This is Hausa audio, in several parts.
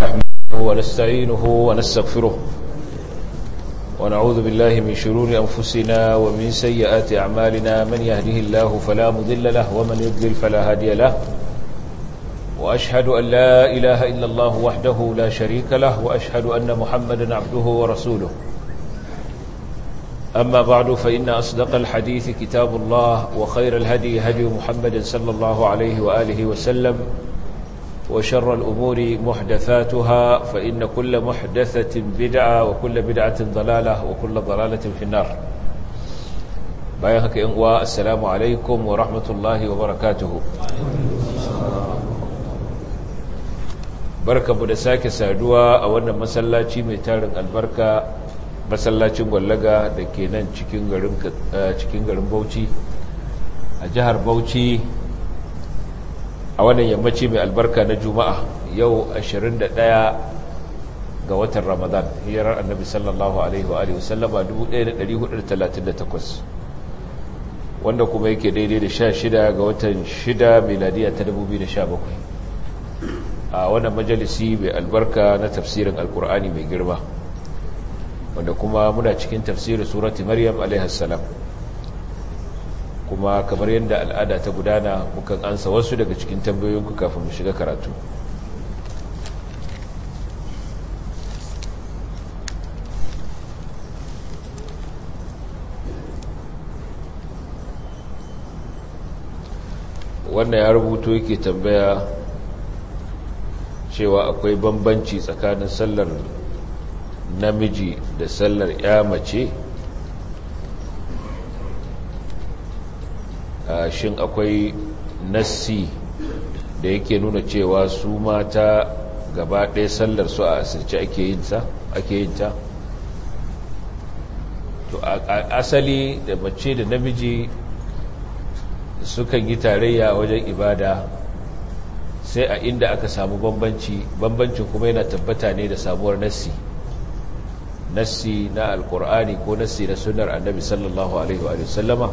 نحمده ونستعينه ونستغفره ونعوذ بالله من شرور أنفسنا ومن سيئات أعمالنا من يهده الله فلا مضل له ومن يضلل فلا هادي له وأشهد أن لا إله إلا الله وحده لا شريك له وأشهد أن محمدا عبده ورسوله أما بعد فإن أصدق الحديث كتاب الله وخير الهدي هدي محمد صلى الله عليه وآله وسلم وآله وسلم وشر الأمور محدثاتها فإن كل محدثة بدعة وكل بدعة ضلالة وكل ضلالة في النار بايهك إنواء السلام عليكم ورحمة الله وبركاته بركة مدساك سادوا أولا مسلاتي ميتارن البركة مسلاتي مولغا دكينان چكين غرم بوتي جهر بوتي a wannan yammaci mai albarka na juma'a yau 21 ga watan ramadan hirar annabi sallallahu alaihi wa alihi wasallama 1438 wanda kuma yake daidai da 16 ga watan 6 miladiya ta 2017 a wannan majalisi mai albarka na tafsirin alkur'ani mai girma wanda kuma muna cikin tafsirin surati maryam alaihi salam kuma kamar yadda al'ada ta gudana mukan ansa wasu daga cikin tambayoyinku kafin mu shiga karatu wannan ya rubuto yake tambaya cewa akwai bambanci tsakanin sallar namiji da sallar ya mace shin akwai nassi da yake nuna cewa su mata gaba ɗaya sallar su a asirce ake yin ta to asali da mace da namiji sukan yi tarayya wajen ibada sai a inda aka samu bambanci bambancin kuma yana tabbata ne da samuwar nassi nassi na alkur'ani ko nassi na sunar annabi sallallahu alaihi wa sallama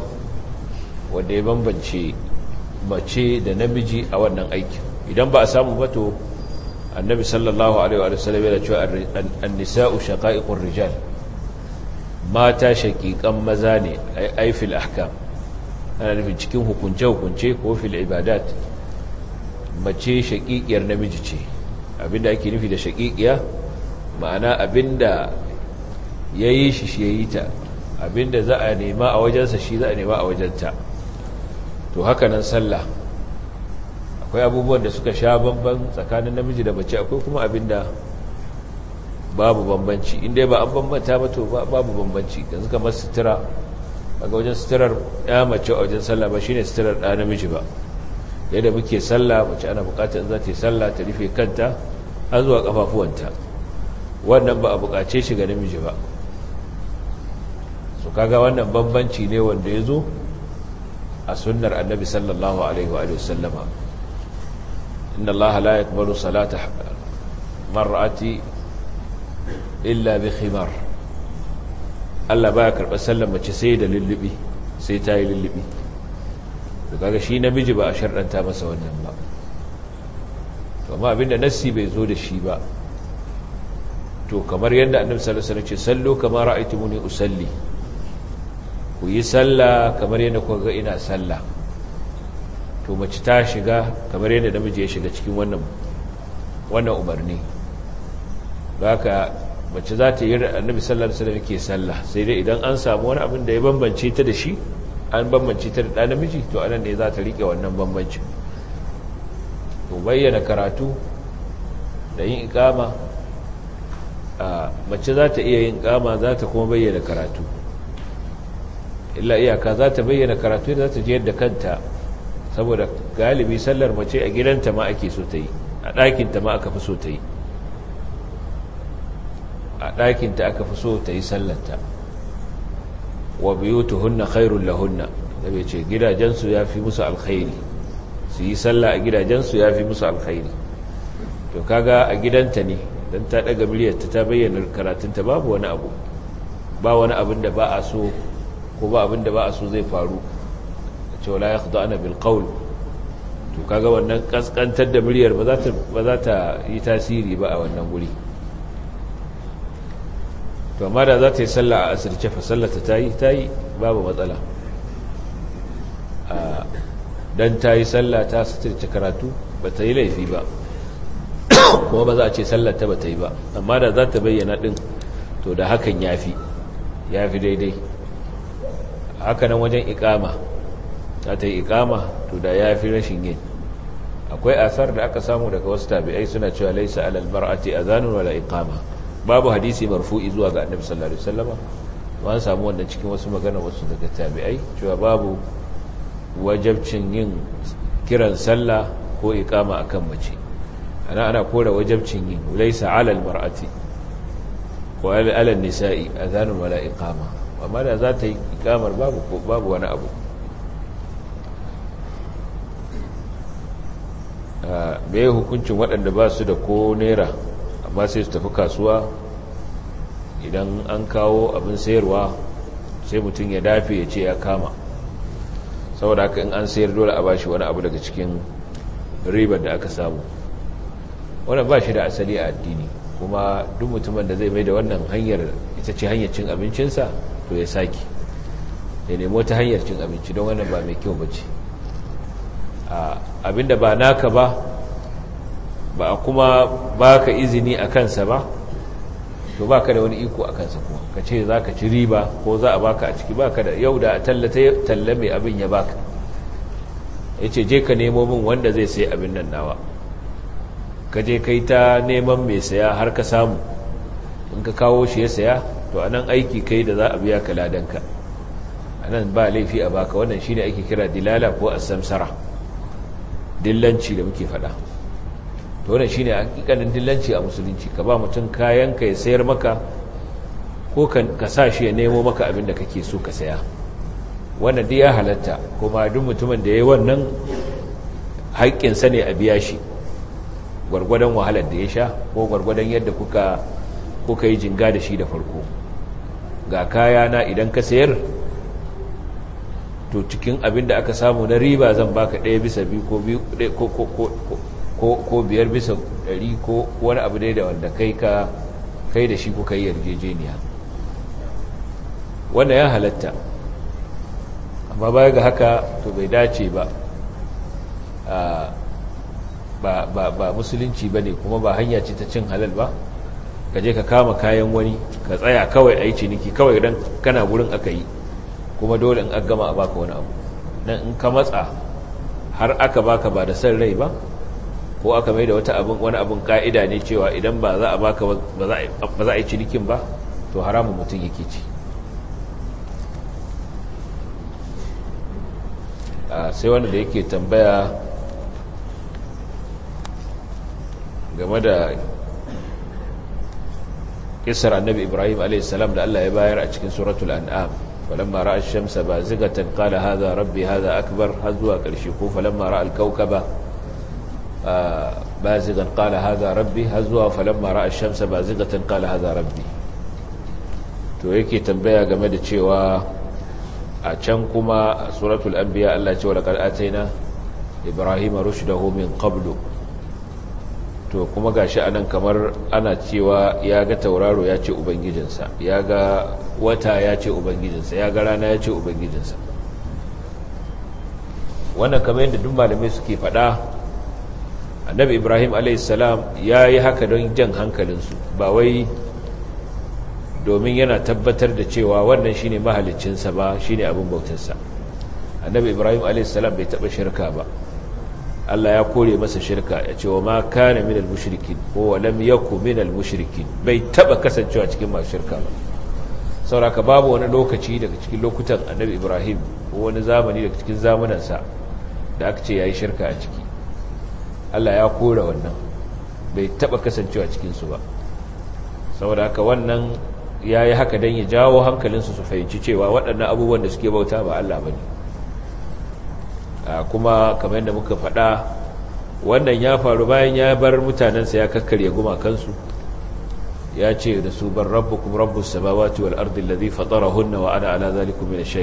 wanda ya bambance mace da namiji a wannan aikin idan ba a samu ba to annabi sallallahu alaihi wa sallam yana cewa an-nisa'u shaqa'iqur rijal mata shaqiqan maza ne ai fil ahkam ana nufin cikin hukunce hukunce ko fil ibadat mace shaqiqiyar namiji ce abinda ake nufi da shaqiqiya ma'ana abinda yayi shi shi yayi ta abinda za a nema a wajensa shi za a nema a wajenta to haka nan sallah akwai abubuwan da suka sha bamban tsakanin namiji da mace akwai kuma abin da babu bambanci inda ba an bambanta ba to babu bambanci yanzu masu sutura daga wajen suturar ya mace a wajen sallah ba shine suturar ɗa namiji ba yadda muke sallah mace ana buƙatar za ta yi sallah ta rufe kanta an zuwa kafafuwanta wannan ba a bukace shi ga namiji ba su kaga wannan bambanci ne wanda ya zo a sunnar annabi sallallahu alaihi wa sallama inna allaha la yaqbalu salata mar'ati illa bi khimar Allah baya karɓar sallar mace sai da lullubi sai ta yi lullubi daga shi namiji ba a sharɗanta masa wannan ba to amma abinda nassi bai zo da shi ba to kamar yadda annabi sallallahu alaihi wasallam ce sallu kama ra'aytumuni usalli ku yi sallah kamar yadda kuwa ga ina sallah to mace ta shiga kamar yadda namiji ya shiga cikin wannan umarni ba ka mace za ta yi annabi tsallar su da yake sallah sai dai idan an samu wani abin da ya bambance ta da shi an bambance ta da ɗan namiji to anan ne za ta riƙe wannan bambancin to bayyana karatu da yin ikama mace za ta iya yin ikama za ta kuma bayyana karatu illa iyaka za ta bayyana karatu da za ta je yadda kanta saboda galibi sallar mace a gidanta ma ake so ta yi a ɗakinta ma aka fi so ta yi a ɗakinta aka fi so ta yi sallarta wa biyu ta hunna khairun lahunna da bai ce gidajensu ya fi musu alkhairi su yi sallah a gidajensu ya fi musu alkhairi to kaga a gidanta ne don ta ɗaga miliyarta ta bayyana karatunta babu wani abu ba wani abin da ba a so Ko ba abinda ba a so zai faru a cewa la ya kudu ana bilkaul to kaga wannan kaskantar da muryar ba za ta yi tasiri ba a wannan guri to amma da za ta yi sallah a asirce fa sallata ta yi ta yi babu matsala don ta yi sallah ta suturce karatu ba ta yi laifi ba kuma ba za a ce sallah ta ba ta yi ba amma da za ta bayyana ɗin to da hakan ya fi ya fi daidai haka nan wajen ikama za ta yi ikama to da ya fi rashin yin akwai asar da aka samu daga wasu tabi'ai suna cewa laisa alal mar'ati azanun wala iqama babu hadisi marfu'i zuwa ga annabi sallallahu alaihi wasallam an samu wannan cikin wasu magana wasu daga tabi'ai cewa babu wajabcin yin kiran sallah ko iqama akan mace ana ana kora wajabcin yin laisa alal mar'ati ko alal nisa'i azanun wala iqama amma da za ta yi ikamar babu babu wani abu me hukuncin waɗanda ba su da ko nera amma sai su tafi kasuwa idan an kawo abin sayarwa sai mutum ya dafe ya ce ya kama saboda haka in an sayar dole a ba shi wani abu daga cikin ribar da aka samu wannan ba shi da asali a addini kuma duk mutumin da zai mai da wannan hanyar ita ce hanyar cin abincinsa to ya sake ya nemo ta hanyar cin abinci don wannan ba mai kyau ba ce abinda ba naka ba ba kuma ba ka izini a kansa ba to ba ka da wani iko a kansa kuma ka ce za ka ci riba ko za a baka a ciki ba ka da yau da talla mai abin ya baka ya ce je ka nemo min wanda zai sai abin nan nawa ka je kai ta neman mai saya har ka samu in ka kawo shi ya saya to a nan aiki kai da za a biya ka ladanka nan ba laifi a baka wannan shine ake kira dilala ko samsara dillanci da muke faɗa to wannan shine kikanin dillanci a musulunci ka ba mutum kayan ka ya sayar maka ko ka sa shi ya nemo maka abin da kake so ka saya wannan dai ya halatta kuma duk mutumin da ya yi wannan haƙƙinsa ne a biya shi gwargwadon wahalar da ya sha ko gwargwadon yadda kuka yi jinga da shi da farko ga kaya na idan ka sayar to cikin abin da aka samu na riba zan baka ɗaya bisa biyu ko biyar bisa ɗari ko wani abu dai da wanda kai ka kai da shi kuka yi yarjejeniya wanda ya halatta amma baya ga haka to bai dace ba ah, ba musulunci ba ne kuma ba hanya ce ta cin halal ba ka je ka kama kayan wani ka tsaya kawai a yi ciniki kawai don kana wurin aka yi kuma dole in an gama a baka wani abu don in ka matsa har aka baka ba da san rai ba ko aka mai da wani abin ka'ida ne cewa idan ba za a baka ba za a yi cinikin ba to haramun mutum yake ci sai wanda da yake tambaya game da kisar annabi ibrahim a.s. da allah ya bayar a cikin suratul an'am falamma ra'a shamsa ba zigatan qala haza rabbi haza akbar har zuwa ƙarshe ko falamma ra'a al-kawkaba ah, ba zigan qala haza rabbi har zuwa falamma ra'a shamsa ba zigatan qala haza rabbi to yake tambaya game da cewa a can kuma suratul anbiya allah ce wa laqad atayna ibrahima rushdahu min qablu to kuma ga gashi anan kamar ana cewa ya ga tauraro ya ce ubangijinsa ya ga wata ya ce ubangijinsa ya ga rana ya ce ubangijinsa wannan kamar yadda duk malamai suke faɗa annabi ibrahim alaihissalam ya yi haka don jan hankalinsu ba wai domin yana tabbatar da cewa wannan shine mahalicinsa ba shine abin bautarsa annabi ibrahim alaihissalam bai taɓa shirka ba Allah ya kore masa shirka ya ce wa ma kana min al-mushrikin ko wa lam yakun min al-mushrikin bai taba kasancewa cikin masu shirka ba sauraka babu wani lokaci daga cikin lokutan Annabi Ibrahim ko wani zamani daga cikin zamanansa da aka ce yayi shirka a ciki Allah ya kore wannan bai taba kasancewa cikin su ba saboda haka wannan yayi haka dan ya jawo hankalinsu su fahimci cewa waɗannan abubuwan da suke bauta ba Allah bane kuma kamar yadda muka faɗa wannan ya faru bayan ya bar mutanensa ya kakkarya gumakansu ya ce da su ban rabbukum rabbus samawati wal ardi allazi fatarahunna wa ana ala zalikum min ash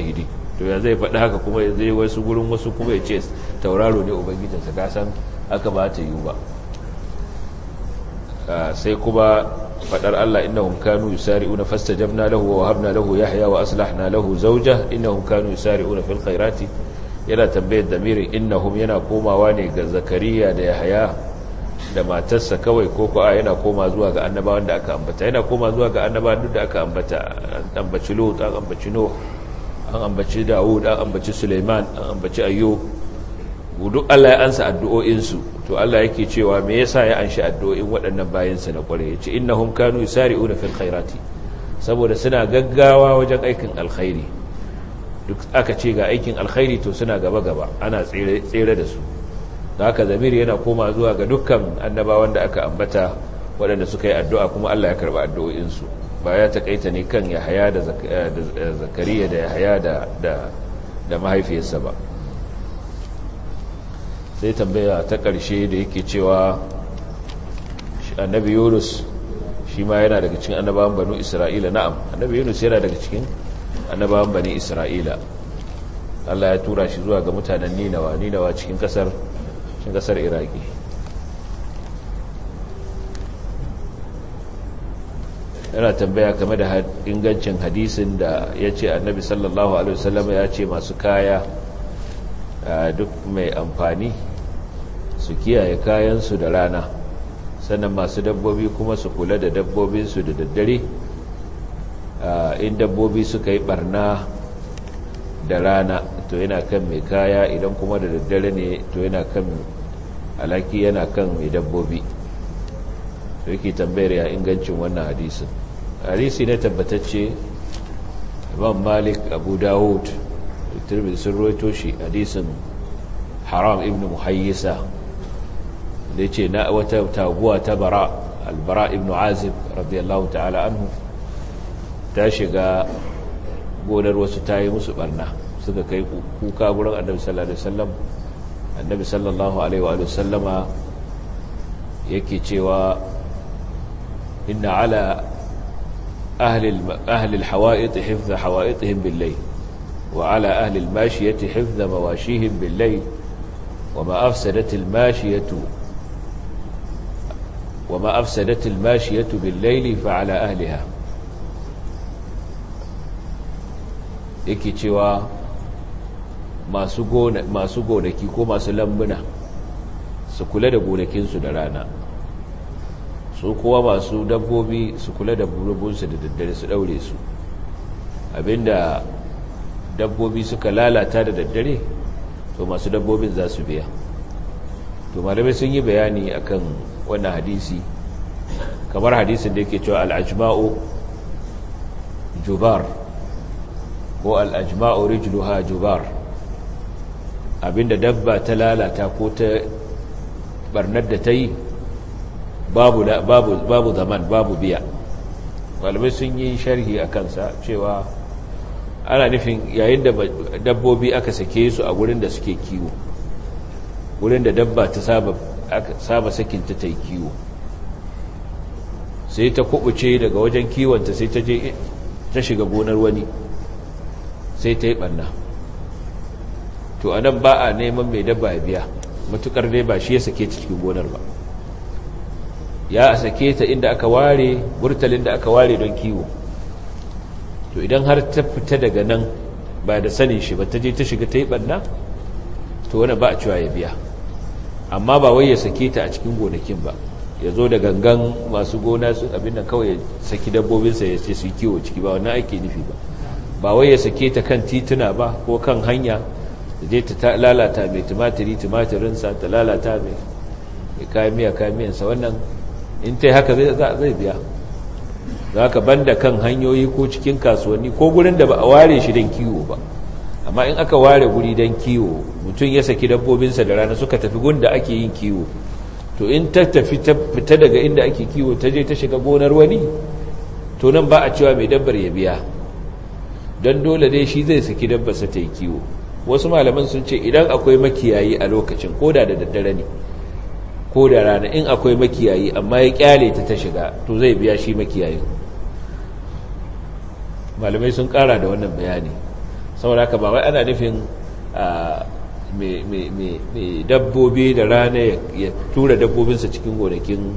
to ya zai faɗi haka kuma ya zai wasu gurin wasu kuma ya ce tauraro ne ubangijinsa ka san aka ba ta yi ba sai kuma fadar Allah innahum kanu fasta fastajabna lahu wa habna lahu yahya wa aslahna lahu zawja innahum kanu na fil khairati yana tambayar damirin innahum yana komawa ne ga zakariya da yahaya da matarsa kawai ko ko yana koma zuwa ga annabawan da aka ambata yana koma zuwa ga annabawan duk da aka ambata an ambaci lut an ambaci no an ambaci daud an ambaci suleiman an ambaci duk Allah ya ansa addu'o'insu to Allah yake cewa me yasa ya anshi addu'o'in waɗannan bayansa na kware ce innahum kanu yusari'una fil khairati saboda suna gaggawa wajen aikin alkhairi duk aka ce ga aikin alkhairi to suna gaba-gaba ana tsere da su da haka zamiri yana koma zuwa ga dukkan annabawan da aka ambata waɗanda suka yi addu'a kuma Allah ya karɓi addu'o'insu ba ya taƙaita ne kan yahaya da eh, eh, zakariya da yahaya da mahaifiyarsa ba sai tambaya ta ƙarshe da yake cewa annabi yunus shi ma yana daga cikin annabawan banu isra'ila na'am annabi yunus yana daga cikin annabawan bani isra'ila allah ya tura shi zuwa ga mutanen ninawa ninawa cikin kasar cikin kasar iraki yana tambaya game da ingancin hadisin da ya ce annabi sallallahu alaihi wasallam ya ce masu kaya duk mai amfani su kiyaye kayansu da rana sannan masu dabbobi kuma su kula da dabbobinsu da daddare Ah, in dabbobi suka yi barna da rana to yana kan mai kaya idan kuma da daddare ne to yana kan alaki yana kan mai dabbobi to yake tambayar ya ingancin wannan hadisin hadisi na tabbatacce imam malik abu dawud turbin sun roto shi hadisin haram ibn muhayyisa da ce na wata taguwa ta bara albara ibn azib radiyallahu ta'ala anhu ta shiga gonar wasu ta yi musu barna suka kai kuka gurin annabi sallallahu alaihi wasallam annabi sallallahu alaihi wa yake cewa inna ala ahli ahli alhawa'it hifdha hawa'itihim bil-layl wa ala ahli al-mashiyati hifdha mawashihim bil-layl وما أفسدت الماشية وما أفسدت الماشية بالليل فعلى yake cewa masu gonaki ko masu lambuna su kula da gonakinsu da rana su kowa masu dabbobi su kula da burubunsu da daddare su daure su abinda dabbobi suka lalata da daddare to masu dabbobin za su biya to malamai sun yi bayani akan wannan hadisi kamar hadisin da yake cewa al'ajma'u jubar ko al'ajma'u ha jubar abinda dabba ta lalata ko ta barnar da ta yi babu zaman babu biya malamai sun yi sharhi a kansa cewa ana nufin yayin da dabbobi aka sake su a gurin da suke kiwo gurin da dabba ta saba sakin ta yi kiwo sai ta kubuce daga wajen kiwonta sai ta ta shiga gonar wani sai ta yi ɓanna to a nan ba a neman mai dabba ya biya matuƙar dai ba shi ya sake cikin gonar ba ya a sake ta inda aka ware burtalin da aka ware don kiwo to idan har ta fita daga nan ba da sanin shi ba ta je ta shiga ta yi ɓanna to wani ba a cewa ya biya amma ba wai ya sake ta a cikin gonakin ba ya zo da gangan masu gona su abin da kawai ya saki dabbobinsa ya ce su yi kiwo ciki ba wannan ake nufi ba ba wai ya sake ta kan tituna ba ko kan hanya je ta lalata mai tumatiri tumatirinsa ta lalata mai kamiya kamiyansa wannan in ta yi haka zai biya za ka banda kan hanyoyi ko cikin kasuwanni ko gurin da ba a ware shi don kiwo ba amma in aka ware guri don kiwo mutum ya saki dabbobinsa da rana suka tafi gun da ake yin kiwo to in ta tafi fita daga inda ake kiwo ta je ta shiga gonar wani to nan ba a cewa mai dabbar ya biya don dole dai shi zai saki dabbarsa ta yi kiwo wasu malaman sun ce idan akwai makiyayi a lokacin ko da daddare ne ko da rana in akwai makiyayi amma ya kyale ta ta shiga to zai biya shi makiyayin malamai sun kara da wannan bayani saboda haka ba ana nufin mai dabbobi da rana ya tura dabbobinsa cikin gonakin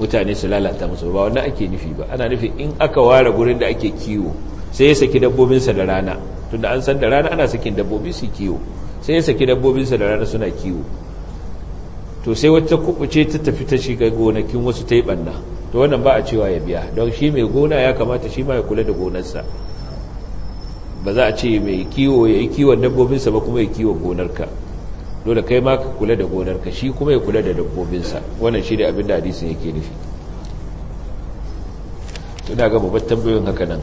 mutane su lalata musu ba wannan ake nufi ba ana nufin in aka ware gurin da ake kiwo sai ya saki dabbobinsa da rana tunda an san da rana ana sakin dabbobi su kiwo sai ya saki dabbobinsa da rana suna kiwo to sai wata kubuce ta tafi ta shiga gonakin wasu ta yi banna to wannan ba a cewa ya biya don shi mai gona ya kamata shi ma ya kula da gonarsa ba za a ce mai kiwo ya yi kiwon dabbobinsa ba kuma ya kiwo gonarka dole kai ma ka kula da gonarka shi kuma ya kula da dabbobinsa wannan shi da abin da hadisin yake nufi ina ga babban tambayoyin haka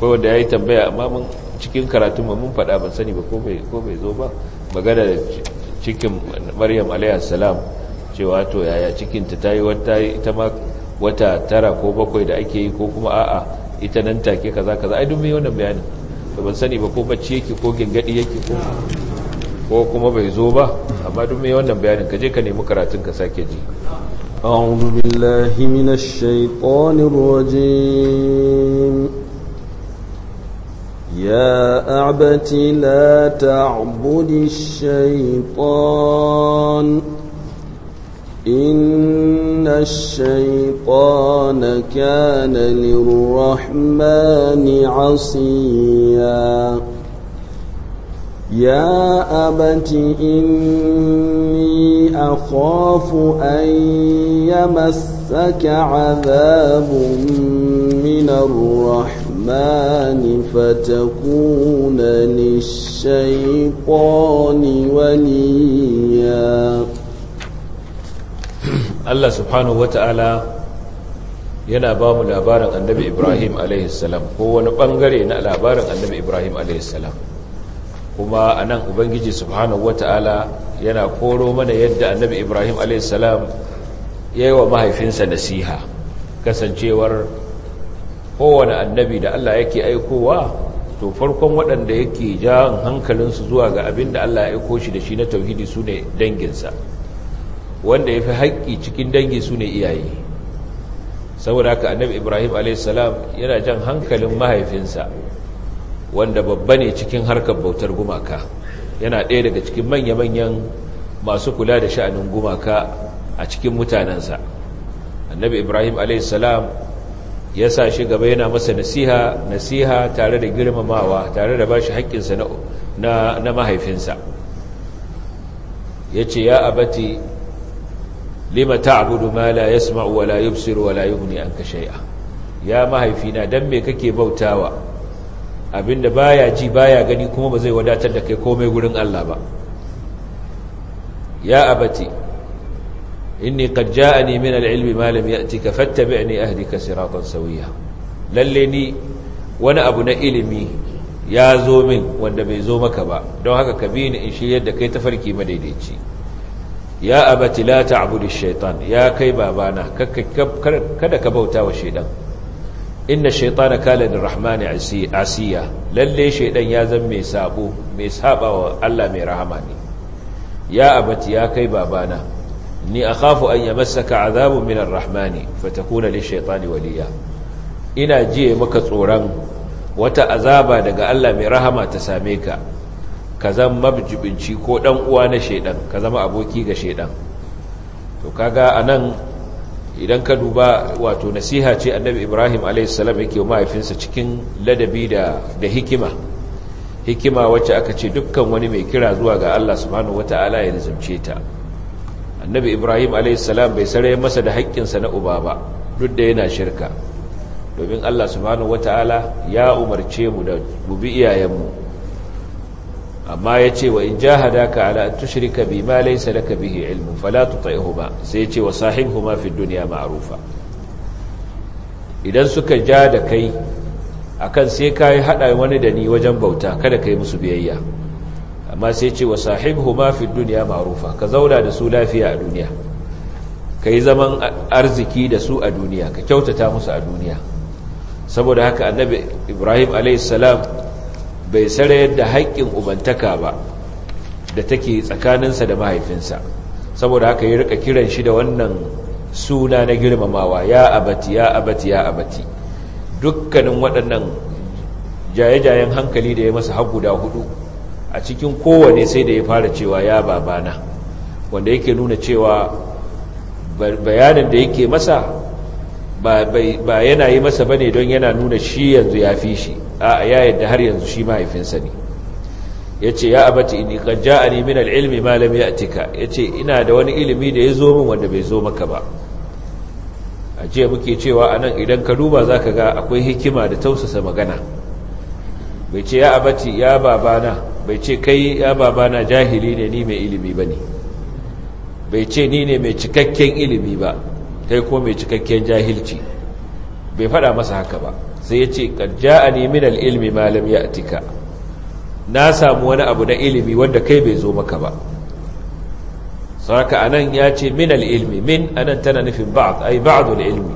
akwai wanda ya yi tambaya amma mun cikin karatun mun faɗa ban sani ba ko bai zo ba magana cikin maryam alayhi cewa to yaya cikinta ta yi wata ita ma wata tara ko bakwai da ake yi ko kuma a'a ita nan take kaza kaza ai dun wannan bayanin to ban sani ba ko bacci yake ko gingadi yake ko ko kuma bai zo ba amma dun wannan bayanin ka je ka nemi karatun ka sake ji أعوذ بالله من الشيطان الرجيم يا أعبت لا تعبد الشيطان إن الشيطان كان للرحمن عصيا يا أبت إني أخاف أن يمسك عذاب من الرحمن الرحمن فتكون للشيطان وليا الله سبحانه وتعالى yana ba mu labarin annabi ibrahim alaihissalam ko wani bangare na labarin annabi ibrahim alaihissalam kuma a nan ubangiji subhanahu wata'ala yana koro mana yadda annabi ibrahim alaihissalam ya yi wa mahaifinsa nasiha kasancewar kowane annabi da Allah yake aikowa to farkon waɗanda yake jan hankalinsu zuwa ga abin da Allah ya aiko shi da shi na tauhidi su ne danginsa wanda ya fi haƙƙi cikin dangi su ne iyaye saboda haka annabi ibrahim a.s. yana jan hankalin mahaifinsa wanda babba ne cikin harkar bautar gumaka yana ɗaya daga cikin manya-manyan masu kula da sha'anin gumaka a cikin mutanensa annabi ibrahim a.s. ya sa shi gaba yana masa nasiha nasiha tare da girmamawa tare da bashi haƙƙinsa na na mahaifinsa ce ya abati lima ta'budu ma la yasma'u wa la yubsiru wa la yughni anka shay'a ya mahaifina dan me kake bautawa abinda baya ji baya gani kuma ba zai wadatar da kai komai wurin Allah ba ya abati inni qad ja'ani min al-ilmi ma lam ya'tika fattabi'ni ahdika siratan sawiya lalle ni wani abu na ilimi ya zo min wanda bai zo maka ba don haka ka bi ni in shi yadda kai tafarki madaidaici ya abati la ta'budu shaitan ya kai babana kada ka bauta wa shaitan inna shaitana kala da rahmani asiya lalle shaiɗan ya zan mai sabo mai wa Allah mai rahama ne ya abati ya kai babana ni kafu an masaka azabun min minar rahmani fatakuna lish shaitani waliya ina jiye maka tsoron wata azaba daga Allah mai rahama ta same ka ka zama mabjibinci ko dan uwa na shaidan ka zama aboki ga shaidan to kaga nan idan ka duba wato nasiha ce annabi ibrahim alaihissalam yake wa mahaifinsa cikin ladabi da hikima hikima wacce aka ce dukkan wani mai kira zuwa ga allah subhanahu wataala ya rizumce ta annabi ibrahim alaihissalam bai sarai masa da haƙƙinsa na uba ba duk da yana shirka domin allah subhanahu wata'ala ya umarce mu da bubi iyayenmu amma ya ce wa in jahadaka ala an tushrika bima laysa laka bihi ilmun fala tuti'huma sai ya ce wa sahibhuma fi dunya ma'rufa idan suka ja da kai akan sai kai hada wani da ni wajen bauta kada kai musu biyayya amma sai ce wa sahibhu ma fi ma'rufa ka zauna da su lafiya a duniya yi zaman arziki da su a duniya ka kyautata musu a duniya saboda haka annabi Ibrahim a.s. bai sayar yadda haƙƙin ubantaka ba da take tsakaninsa da mahaifinsa saboda haka ya rika kiran shi da wannan suna na girmamawa ya abati ya abati ya abati dukkanin waɗannan jaye-jayen hankali da ya masa haguda hudu a cikin kowane sai da ya fara cewa ya babana wanda yake nuna cewa bayanin da yake masa ba yana yi masa bane don yana nuna shi yanzu ya fi shi a ya yadda har yanzu shi mahaifinsa ne ya ce ya abata ini kan ja a nemi na ilimi malam ya tika ya ce ina da wani ilimi da ya zo min wanda bai zo maka ba a ce muke cewa a nan idan ka duba za ka ga akwai hikima da tausasa magana bai ce ya abata ya babana bai ce kai ya na jahili ne ni mai ilimi ba ne bai ce ni ne mai cikakken ilimi ba kai ko mai cikakken jahilci bai faɗa masa haka ba sai ya ce ƙarja a nemin al'ilmi malam ya atika na samu wani abu na ilimi wanda kai bai zo maka ba saraka anan ya ce min al'ilmi min anan tana nufin ba'ad ai ba'adun ilmi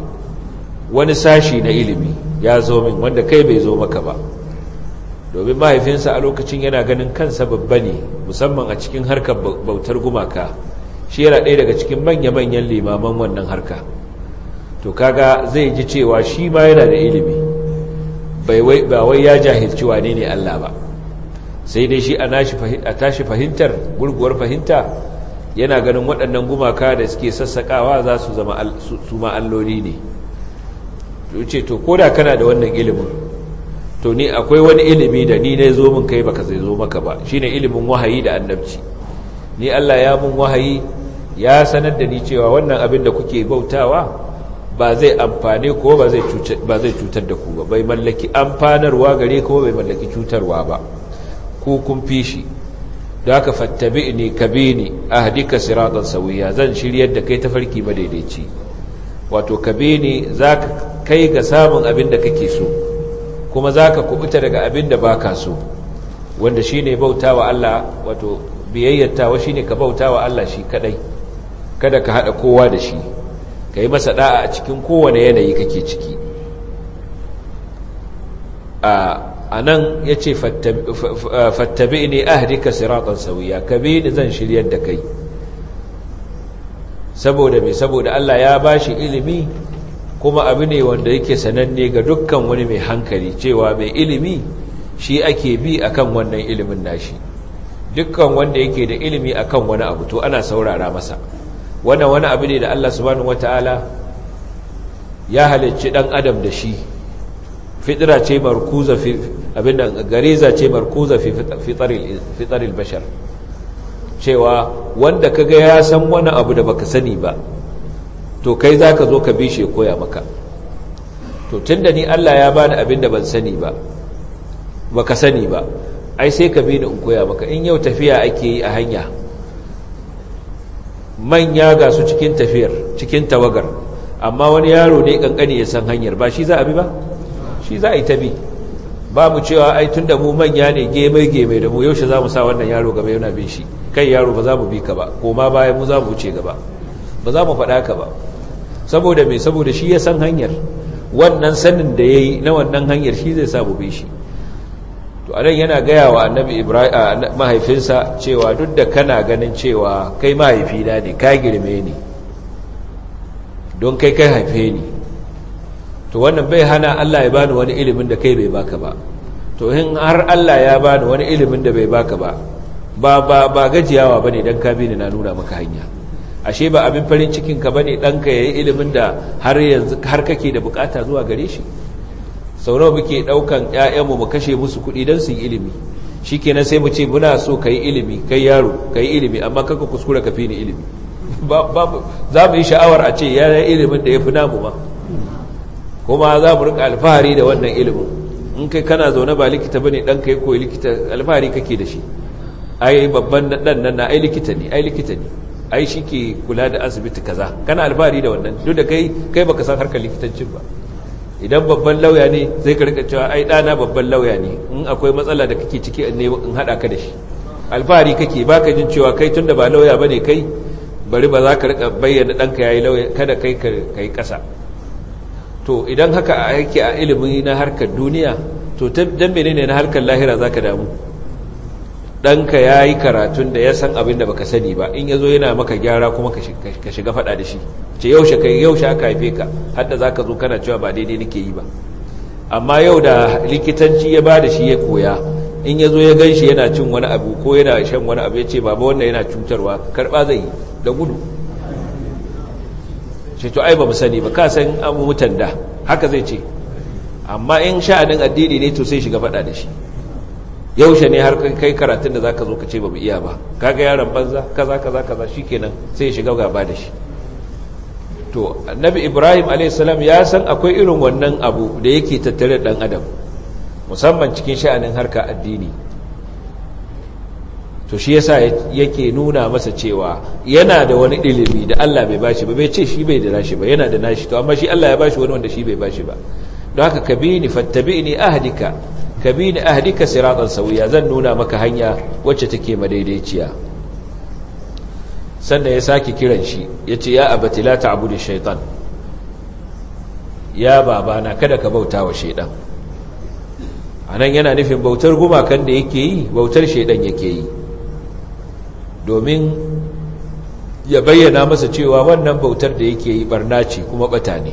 wani sashi na ilimi ya zo min wanda kai bai zo maka ba domin mahaifinsa a lokacin yana ganin kansa babba ne musamman a cikin harkar bautar gumaka shi yana ɗaya daga cikin manya-manyan limaman wannan harka to kaga zai ji cewa shi ma yana da ilimi ba wai ya jahilci wane ne Allah ba sai dai shi a tashi fahimtar gurguwar fahimta yana ganin waɗannan gumaka da suke sassaƙawa za su zama su ma alloli ne to ce to koda kana da wannan ilimin to ni akwai wani ilimi da ni ne zo min kai baka zai zo maka ba shine ilimin wahayi da annabci ni Allah ya mun wahayi ya sanar da ni cewa wannan abin da kuke bautawa ba zai amfane ko ba zai cutar da ku ba bai mallaki amfanarwa gare ko bai mallaki cutarwa ba ku kun fishi shi da ka fattabi ni kabini siratan sawiya zan shiryar da kai tafarki madaidaici wato kabini ni za ka kai ga samun abin da kake so kuma za ka kubuta daga abin da ba ka so wanda shi ne bauta wa Allah wato biyayyatawa shi ne ka bauta wa Allah shi kadai kada ka haɗa kowa da shi ka yi masa ɗa'a a cikin kowane yanayi kake ciki a nan ya ce fattabi ne ahdika siratan sauya ka bi ni zan shiryar da kai saboda mai saboda Allah ya ba shi ilimi kuma abu ne wanda yake sananne ga dukkan wani mai hankali cewa mai ilimi shi ake bi akan wannan ilimin nashi dukkan wanda yake da ilimi akan wani abu to ana saurara masa wannan wani abu ne da Allah subhanahu wataala ya halicci dan adam da shi fitra ce markuza fi abinda gareza ce markuza fi fitaril bashar cewa wanda kaga ya san wani abu da baka sani ba to kai za ka zo ka bi shi koya maka to tun da ni Allah ya bani abin da ban sani ba ba ka sani ba ai sai ka bi ni in koya maka in yau tafiya ake yi a hanya manya ga su cikin tafiyar cikin tawagar amma wani yaro ne kankani ya san hanyar ba shi za a bi ba shi za a yi ta bi Ba mu cewa ai tun da mu manya ne gemai-gemai da mu yaushe za mu sa wannan yaro gaba yana bin shi kai yaro ba za mu bi ka ba Koma ma bayan mu za mu wuce gaba ba za mu faɗa ka ba saboda mai saboda shi ya san hanyar wannan sanin da ya yi na wannan hanyar shi zai samu bi shi to anan yana gaya wa annabi ibrahim mahaifinsa cewa duk da kana ganin cewa kai mahaifina ne ka girme ni don kai kai haife ni to wannan bai hana Allah ya bani wani ilimin da kai bai baka ba to in har Allah ya bani wani ilimin da bai baka ba ba ba gajiyawa bane dan ka bi ni na nuna maka hanya ashe ba abin farin cikin ka bane ɗanka yayi ilimin da har yanzu har kake da bukata zuwa gare shi sau nawa muke ɗaukan ƴaƴan mu kashe musu kuɗi don su yi ilimi shikenan sai mu ce muna so kai ilimi kai yaro kai ilimi amma kaka kuskura ka fi ni ilimi za mu yi sha'awar a ce ya ilimin da ya fi namu ba kuma za mu rika alfahari da wannan ilimin in kai kana zaune ba likita bane dan kai koyi likita alfahari kake da shi ai babban dan nan na ai likita ne ai likita ne ai shi ke kula da asibiti kaza kana albari da wannan duk da kai kai baka san harkar likitancin ba idan babban lauya ne zai ka rika cewa ai dana babban lauya ne in akwai matsala da kake ciki ne in hada ka da shi alfahari kake baka jin cewa kai tunda ba lauya bane kai bari ba za ka rika bayyana danka yayi lauya kada kai ka kai kasa to idan haka yake a ilimi na harkar duniya to dan menene na harkar lahira zaka damu ɗanka ya yi karatun da ya san abin da baka sani ba in ya zo yana maka gyara kuma ka shiga faɗa da shi ce yaushe aka haife ka hadda za ka zo kana cewa ba daidai nake yi ba amma yau da likitanci ya ba da shi ya koya in ya zo ya gan shi yana cin wani abu ko yana shan wani abu ya ce baba wannan yana cutarwa karɓa zai yi da gudu ce to ai ba mu sani ba ka san an da haka zai ce amma in sha'anin addini ne to sai shiga faɗa da shi yaushe ne har kai karatun da zaka zo ka ce mu iya ba kaga yaron banza kaza kaza kaza shikenan sai ya shiga gaba da shi to annabi ibrahim salam ya san akwai irin wannan abu da yake tattare dan adam musamman cikin sha'anin harka addini to shi yasa yake nuna masa cewa yana da wani ilimi da Allah bai bashi ba bai ce shi bai da nashi ba yana da nashi to amma shi Allah ya bashi wani wanda shi bai bashi ba don haka kabini fattabi'ni ahdika kabini ka siratan sawiya zan nuna maka hanya wacce take madaidaiciya sannan ya sake kiran shi yace ya abati la ta'budu shaytan ya babana kada ka bauta wa shaydan anan yana nufin bautar gumakan da yake yi bautar shaydan yake yi domin ya bayyana masa cewa wannan bautar da yake yi barna ce kuma bata ne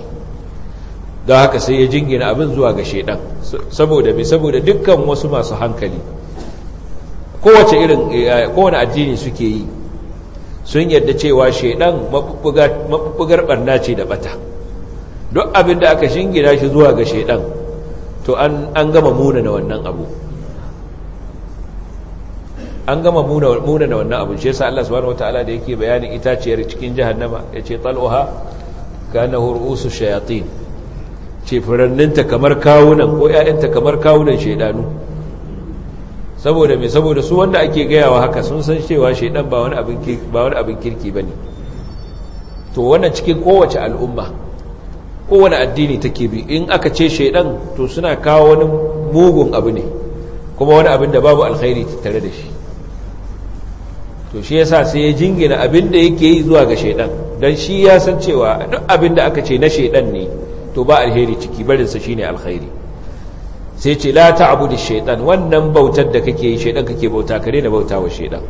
don haka sai ya jingina abin zuwa ga shaidan saboda bi saboda dukkan wasu masu hankali kowace irin eh, kowane addini suke yi sun yadda cewa shaidan mabubbugar barna ce da bata duk abin da aka shingina shi zuwa ga shaidan to an gama muna na wannan abu an gama muna na wannan abu shi yasa Allah subhanahu wataala da yake bayanin itaciyar cikin jahannama yace tal'uha kana hurusu shayatin ce furanninta kamar kawunan ko ‘ya'yanta kamar kawunan shaidanu saboda mai saboda su wanda ake gayawa haka sun san cewa shaidan ba wani abin kirki ba ne to wannan cikin kowace al'umma kowane addini take bi in aka ce shaidan to suna kawo wani mugun abu ne kuma wani abin da babu alkhairi tare da shi to shi yasa sai ya jingina abin da yake yi zuwa ga shaidan don shi ya san cewa duk abin da aka ce na shaidan ne to ba alheri ciki barinsa shine alkhairi sai ce la da shaiɗan wannan bautar da kake yi shaidan kake bauta kare na bauta wa shaidan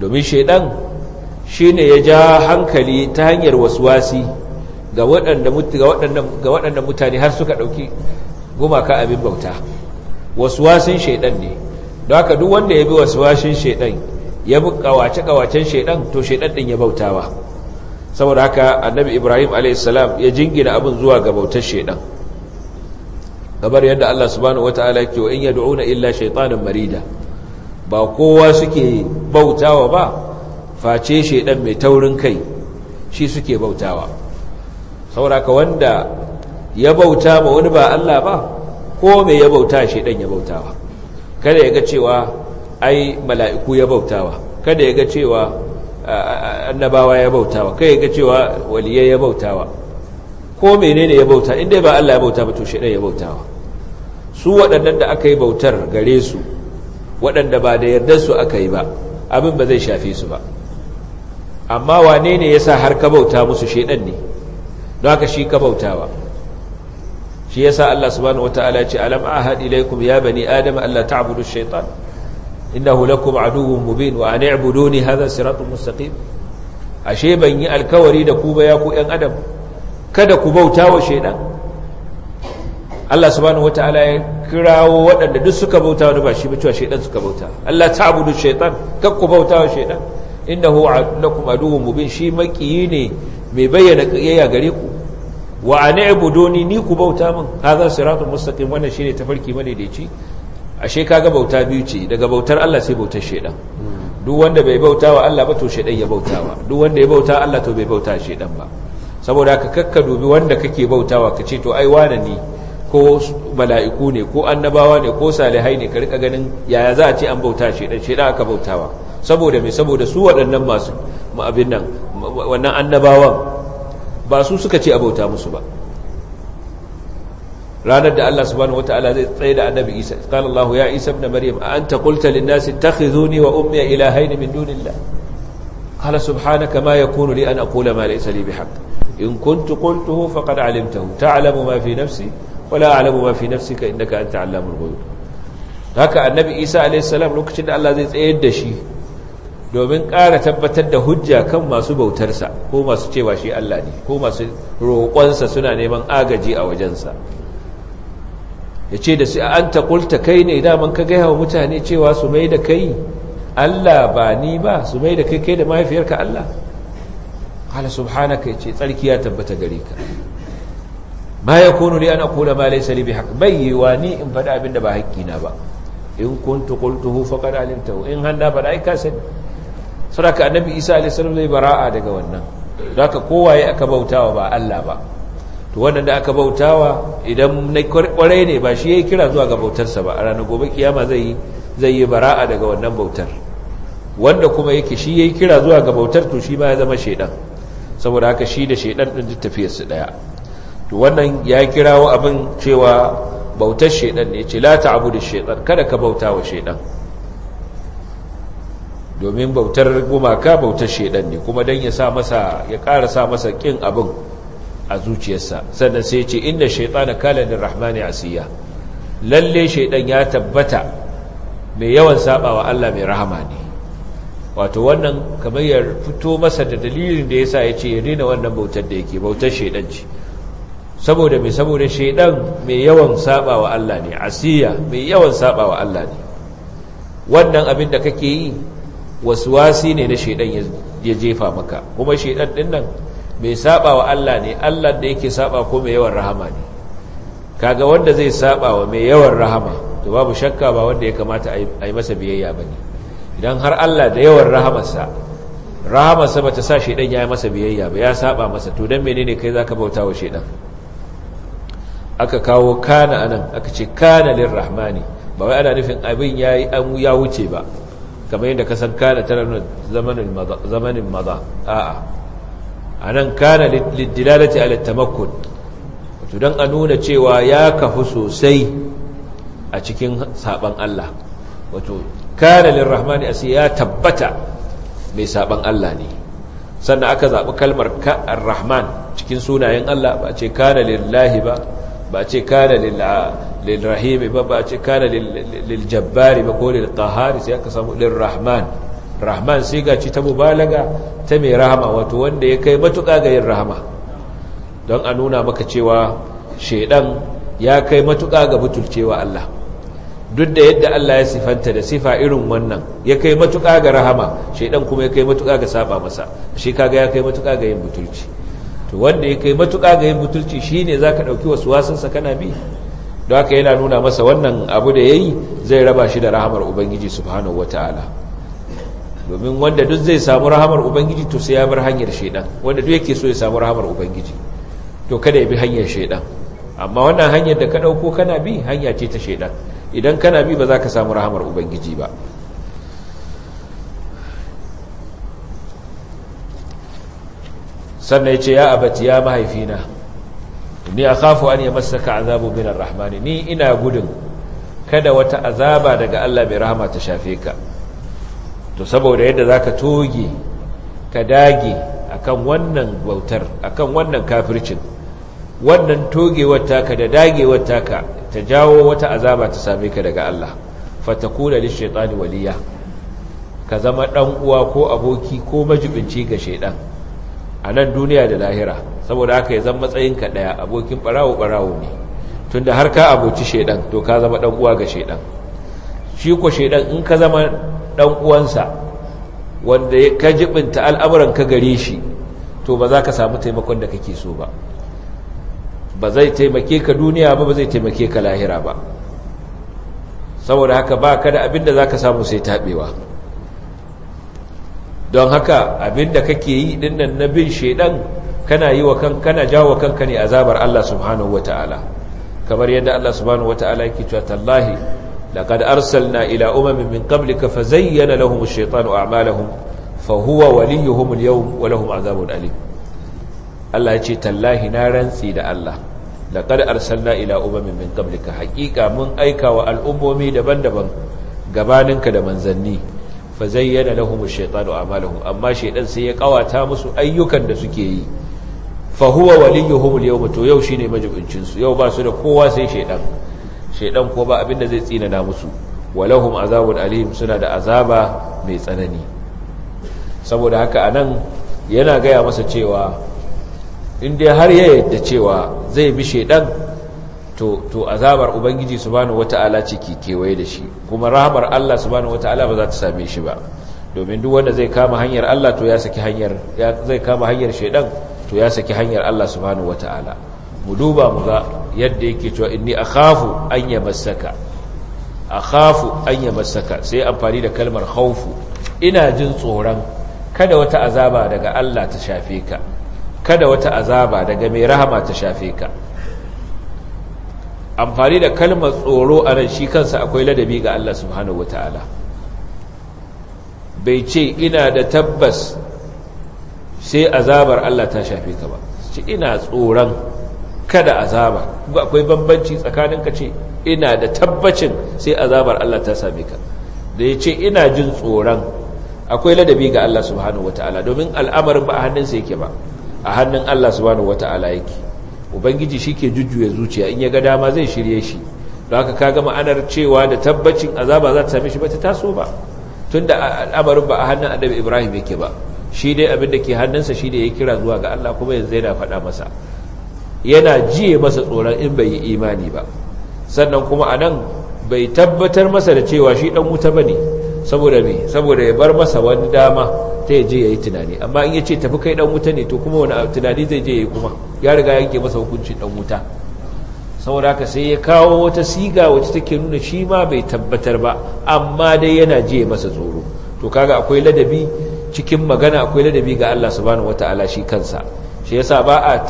domin shi shine ya ja hankali ta hanyar wasu ga waɗanda ga waɗanda mutane har suka ɗauki gumaka abin bauta waswasin shaidan ne don haka duk wanda ya bi waswashin shaidan ya bi kawace kawacen shaidan to shaidan ɗin ya bautawa saboda haka annabi ibrahim alaihissalam ya jingina abin zuwa ga bautar shaidan kamar yadda allah subhanahu wataala ke wa in yad'una illa shaytanan marida ba kowa suke bautawa ba face shaidan mai taurin kai shi suke bautawa saboda haka wanda ya bauta ma wani ba allah ba ko mai ya bauta shaidan ya bautawa kada ya ga cewa ai mala'iku ya bautawa kada ya ga cewa annabawa ya bautawa kai ga cewa waliyai ya bautawa ko menene ya bauta inda ba Allah ya bauta ba to shedan ya bautawa su waɗannan da aka yi bautar gare su waɗanda ba da yardar su aka yi ba abin ba zai shafe su ba amma wane ne yasa har ka bauta musu shedan ne don haka shi ka bautawa shi yasa Allah subhanahu wataala ya ce alam ahad ilaikum ya bani adama alla ta'budu ash-shaytan innahu lakum aduwwun mubin wa an i'buduni hadha siratun mustaqim ashe ban yi alkawari da ku ba ya ku ƴan adam kada ku bauta wa shaidan Allah subhanahu wataala ya kirawo waɗanda duk suka bauta wani ba shi ba cewa shaidan suka bauta Allah ta'budu shaitan kar ku bauta wa shaidan innahu lakum aduwwun mubin shi makiyi ne mai bayyana kiyaya gare ku wa an i'buduni ni ku bauta min hadha siratun mustaqim wannan shine tafarki da madaidaici ashe kaga bauta biyu ce daga bautar Allah sai bautar shedan duk wanda bai bauta wa Allah ba to shedan ya bauta wa duk wanda ya bauta Allah to bai bauta shedan ba saboda ka kakka dubi wanda kake bautawa ka ce to ai wane ne ko mala'iku ne ko annabawa ne ko salihai ne ka rika ganin yaya za a ce an bauta shedan shedan aka bautawa saboda me saboda su waɗannan masu abin nan wannan annabawan ba su suka ce a bauta musu ba ranar da Allah subhanahu wataala zai tsaye da annabi Isa qala Allah ya Isa ibn Maryam a anta qulta lin nasi takhizuni wa ummi ilahayn min dunillah qala subhanaka ma yakunu li an aqula ma laysa li bihaqq in kuntu qultuhu faqad alimtahu ta'lamu ma fi nafsi wa la a'lamu ma fi nafsika innaka anta 'allamul ghuyub haka annabi Isa alayhi salam lokacin da Allah zai tsaye da shi domin ƙara tabbatar da hujja kan masu bautarsa ko masu cewa shi Allah ne ko masu roƙonsa suna neman agaji a wajensa ya ce da su an ta kulta kai ne daman ka gaya wa mutane cewa su mai da kai Allah ba ni ba su mai da kai kai da mahaifiyarka Allah ala subhanaka ya ce tsarki ya tabbata gare ka ma ya kono ne ana kula ma laisa libi haƙ bayyewa ni in faɗa abin da ba haƙƙina ba in kun tukultu qultuhu faqad alimtahu in handa ba da ka sani saboda annabi Isa alaihi salam zai bara'a daga wannan haka kowaye aka wa ba Allah ba to wannan da aka bautawa idan na kwarai ne ba shi ya kira zuwa ga bautarsa ba a ranar gobe kiyama zai yi bara'a daga wannan bautar wanda kuma yake shi ya kira zuwa ga bautar to shi ma ya zama shaidan saboda haka shi da shaidan ɗin duk tafiyarsu ɗaya to wannan ya kirawo abin cewa bautar shaidan ne ce la abu da kada ka bautawa wa domin bautar gumaka bautar shaidan ne kuma don ya sa masa ya ƙara sa masa ƙin abin a zuciyarsa sannan sai ce inda shaitana kalalin rahmani asiya lalle shaitan ya tabbata mai yawan sabawa Allah mai rahama ne wato wannan kamar ya fito masa da dalilin da yasa ya ce ya daina wannan bautar da yake bautar shaitan ce saboda mai saboda shaitan mai yawan sabawa Allah ne asiya mai yawan sabawa Allah ne wannan abin da kake yi wasu ne na shaitan ya jefa maka kuma shaitan din nan mai saba wa Allah ne Allah da yake saba ko mai yawan rahama ne kaga wanda zai saba wa mai yawan rahama to babu shakka ba wanda ya kamata a yi masa biyayya ba ne idan har Allah da yawan rahamarsa rahamarsa ba ta sa shaidan ya yi masa biyayya ba ya saba masa to don menene kai za ka bauta wa shaidan aka kawo kana anan aka ce kana lirrahmani ba wai ana nufin abin ya yi an ya wuce ba kamar yadda ka san kana tana zamanin maza a'a a nan kana liddilalati ala wato don a nuna cewa ya kafu sosai a cikin saban Allah wato kana lirrahmani asi ya tabbata mai saban Allah ne sannan aka zaɓi kalmar ar-rahman cikin sunayen Allah ba ce kana lillahi ba ba ce kana lilrahimi ba ba ce kana liljabbari ba ko ƙahari sai aka samu rahman. rahman sai ga ci ta mubalaga ta mai rahama wato wanda ya kai matuƙa ga yin rahama don a nuna maka cewa shaidan ya kai matuƙa ga mutulcewa Allah duk da yadda Allah ya sifanta da sifa irin wannan ya kai matuƙa ga rahama shaidan kuma ya kai matuƙa ga saba masa shi kaga ya kai matuƙa ga yin butulci to wanda ya kai matuƙa ga yin mutulci butulci shine ka ɗauki wasu wasansa kana bi don haka yana nuna masa wannan abu da ya yi zai raba shi da rahamar ubangiji subhanahu ta'ala. domin wanda duk zai samu rahamar ubangiji to sai ya bar hanyar shaidan wanda duk yake so ya samu rahamar ubangiji to kada ya bi hanyar shaidan amma wannan hanyar da ka dauko kana bi hanya ce ta shaidan idan kana bi ba za ka samu rahamar ubangiji ba sannan ya ce ya abati ya mahaifina ni a kafu an yi masaka azabu binar rahmani ni ina gudun kada wata azaba daga Allah mai rahama ta shafe ka to saboda yadda za ka toge ka dage akan wannan bautar akan wannan kafircin wannan togewar taka da dagewar taka ta jawo wata azaba ta same ka daga Allah fatakuna shaitani waliya ka zama dan uwa ko aboki ko majibinci ga shaidan a nan duniya da lahira saboda haka ya zama matsayin ka daya abokin barawo barawo ne tunda har ka aboci shaidan to ka zama dan uwa ga shaidan shi ko shaidan in ka zama ɗan uwansa wanda ka jibinta al'amuran ka gare shi to ba za ka samu taimakon da kake so ba ba zai taimake ka duniya ba ba zai taimake ka lahira ba saboda haka ba ka da abin da za ka samu sai taɓewa don haka abin da kake yi nan na bin shaidan kana yi wa jawo kanka ne azabar Allah subhanahu wataala kamar yadda Allah subhanahu wataala yake cewa tallahi لقد أرسلنا إلى أمم من قبلك فزين لهم الشيطان أعمالهم فهو وليهم اليوم ولهم عذاب أليم الله يجي تالله نارا سيد الله لقد أرسلنا إلى أمم من قبلك حقيقة من أيكا والأمومي دبن دبن قبانك دمن زني فزين لهم الشيطان أعمالهم أما شيطان سيقوى تامس أيكا دسكيه fahuwa waliyuhum al-yawma to yau shine majibin su yau ba su da kowa sai shedan shaidan ko ba abinda zai tsina na musu walahum azabun alihim suna da azaba mai tsanani saboda haka anan yana gaya masa cewa inda har ya yadda cewa zai bi shaidan to to azabar ubangiji subhanahu wataala ce ke kewaye da shi kuma rahamar Allah subhanahu wataala ba za ta same shi ba domin duk wanda zai kama hanyar Allah to ya saki hanyar zai kama hanyar shaidan to ya saki hanyar Allah subhanahu wataala mu duba mu ga yadda yake cewa inni akhafu an yamassaka akhafu an yamassaka sai amfani da kalmar khawfu ina jin tsoron kada wata azaba daga Allah ta shafe ka kada wata azaba daga mai rahama ta shafe ka amfani da kalmar tsoro a nan shi kansa akwai ladabi ga Allah subhanahu wata'ala bai ce ina da tabbas sai azabar Allah ta shafe ka ba ce ina tsoron kada azaba kuma akwai bambanci tsakanin ka ce ina da tabbacin sai azabar Allah ta same ka da ya ce ina jin tsoron akwai ladabi ga Allah subhanahu wataala domin al'amarin ba a hannunsa yake ba a hannun Allah subhanahu wataala yake ubangiji shi ke jujjuya zuciya in ya ga dama zai shirye shi da haka ka ga ma'anar cewa da tabbacin azaba za ta same shi ba ta taso ba tun da al'amarin ba a hannun annabi ibrahim yake ba shi dai abin da ke hannunsa shi ne ya kira zuwa ga Allah kuma yanzu yana faɗa masa yana jiye masa tsoron in bai yi imani ba sannan kuma a nan bai tabbatar masa da cewa shi ɗan wuta ba ne saboda mai saboda ya bar masa wani dama ta je ya yi tunani amma in ya ce tafi kai ɗan wuta ne to kuma wani tunani zai je ya yi kuma ya riga yanke masa hukuncin dan wuta saboda haka sai ya kawo wata siga wacce take nuna shi ma bai tabbatar ba amma dai yana jiye masa tsoro to kaga akwai ladabi cikin magana akwai ladabi ga Allah subhanahu wataala shi kansa shi yasa ba a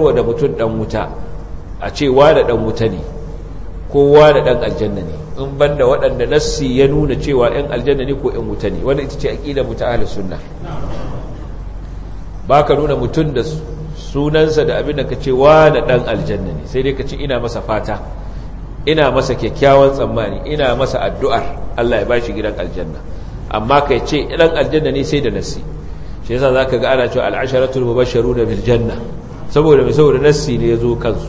wa da mutum dan wuta a cewa da dan wuta ne kowa da dan aljanna ne in banda waɗanda nassi ya nuna cewa ɗan aljanna ne ko ɗan wuta ne wanda ita ce aƙida mutu ahalin suna ba ka nuna mutum da sunansa da abin da ka ce wa da ɗan aljanna ne sai dai ka ce ina masa fata ina masa kyakkyawan tsammani ina masa addu'ar Allah ya ba shi gidan aljanna amma ka ce ɗan aljanna ne sai da nassi shi yasa zaka ga ana cewa al'asharatul mubashsharuna bil janna saboda mai saboda nassi ne yazo kansu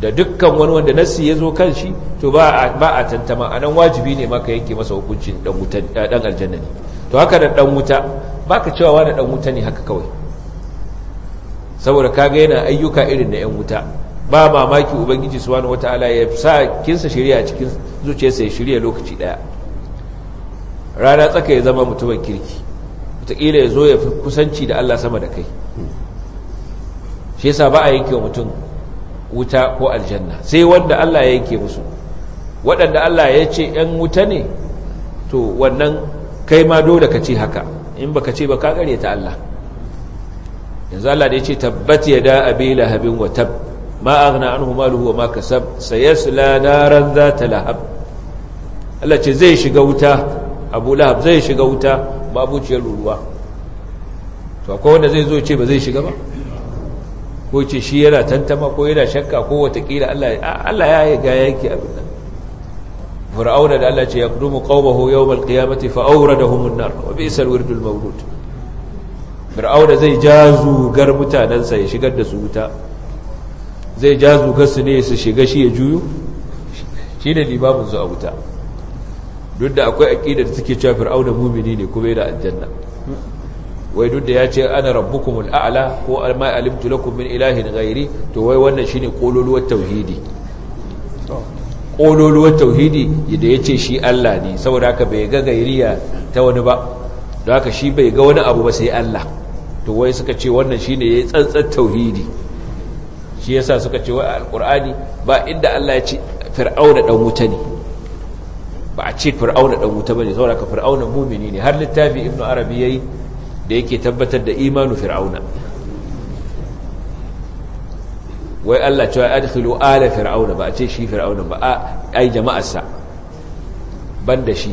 da dukkan wani wanda nassi yazo kanshi to ba a tantama anan wajibi ne maka yanke masa hukuncin dan wuta eh, aljanna ne to haka da dan wuta baka cewa wani dan wuta ne haka kawai saboda kaga yana ayyuka irin na yan wuta ba mamaki ubangiji wata wataala ya sa kinsa shari'a cikin zuciyarsa ya shirya lokaci daya rana tsaka ya zama mutumin kirki wataƙila ya zo ya fi kusanci da Allah sama da kai shi yasa ba a yanke wa mutum wuta ko aljanna sai wanda Allah ya yanke musu waɗanda Allah ya ce ‘yan wuta ne to wannan kai ma dole ka ce haka in ba ka ce ba ka ƙare ta Allah yanzu Allah da ya ce tabbat ya da abi lahabin wa tab ma aghna anhu maluhu wa ma kasab sayasla za ta lahab Allah ce zai shiga wuta Abu Lahab zai shiga wuta mabuciyar ruruwa to akwai wanda zai zo ce ba zai shiga ba ko ce shi yana tantama ko yana shakka ko watakila Allah ya yi ga yanki abin nan fir'auna da Allah ce ya kudumu qaumahu yawmal qiyamati fa awradahum an-nar wa bi'sal wirdul mawrud fir'auna zai jazu gar mutanansa ya shigar da su wuta zai jazu su ne su shiga shi ya juyo shi ne limamin su a wuta duk da akwai aƙida da suke cewa fir'auna mumini ne kuma yana aljanna wai duk da ya ce ana rabbukumul a'la ko ma alimtu lakum min ilahin ghairi to wai wannan shine kololuwar tauhidi kololuwar tauhidi da yace shi Allah ne saboda haka bai ga gairiya ta wani ba don haka shi bai ga wani abu ba sai Allah to wai suka ce wannan shine yayi tsantsar tauhidi shi yasa suka ce wai alqur'ani ba inda Allah ya ce fir'auna dan wuta ne ba a ce fir'auna dan wuta bane saboda ka fir'auna mumini ne har littafi ibnu arabi yayi da yake tabbatar da imanu fir'auna wai Allah cewa adkhilu ala fir'auna ba a ce shi fir'auna ba ai jama'arsa banda shi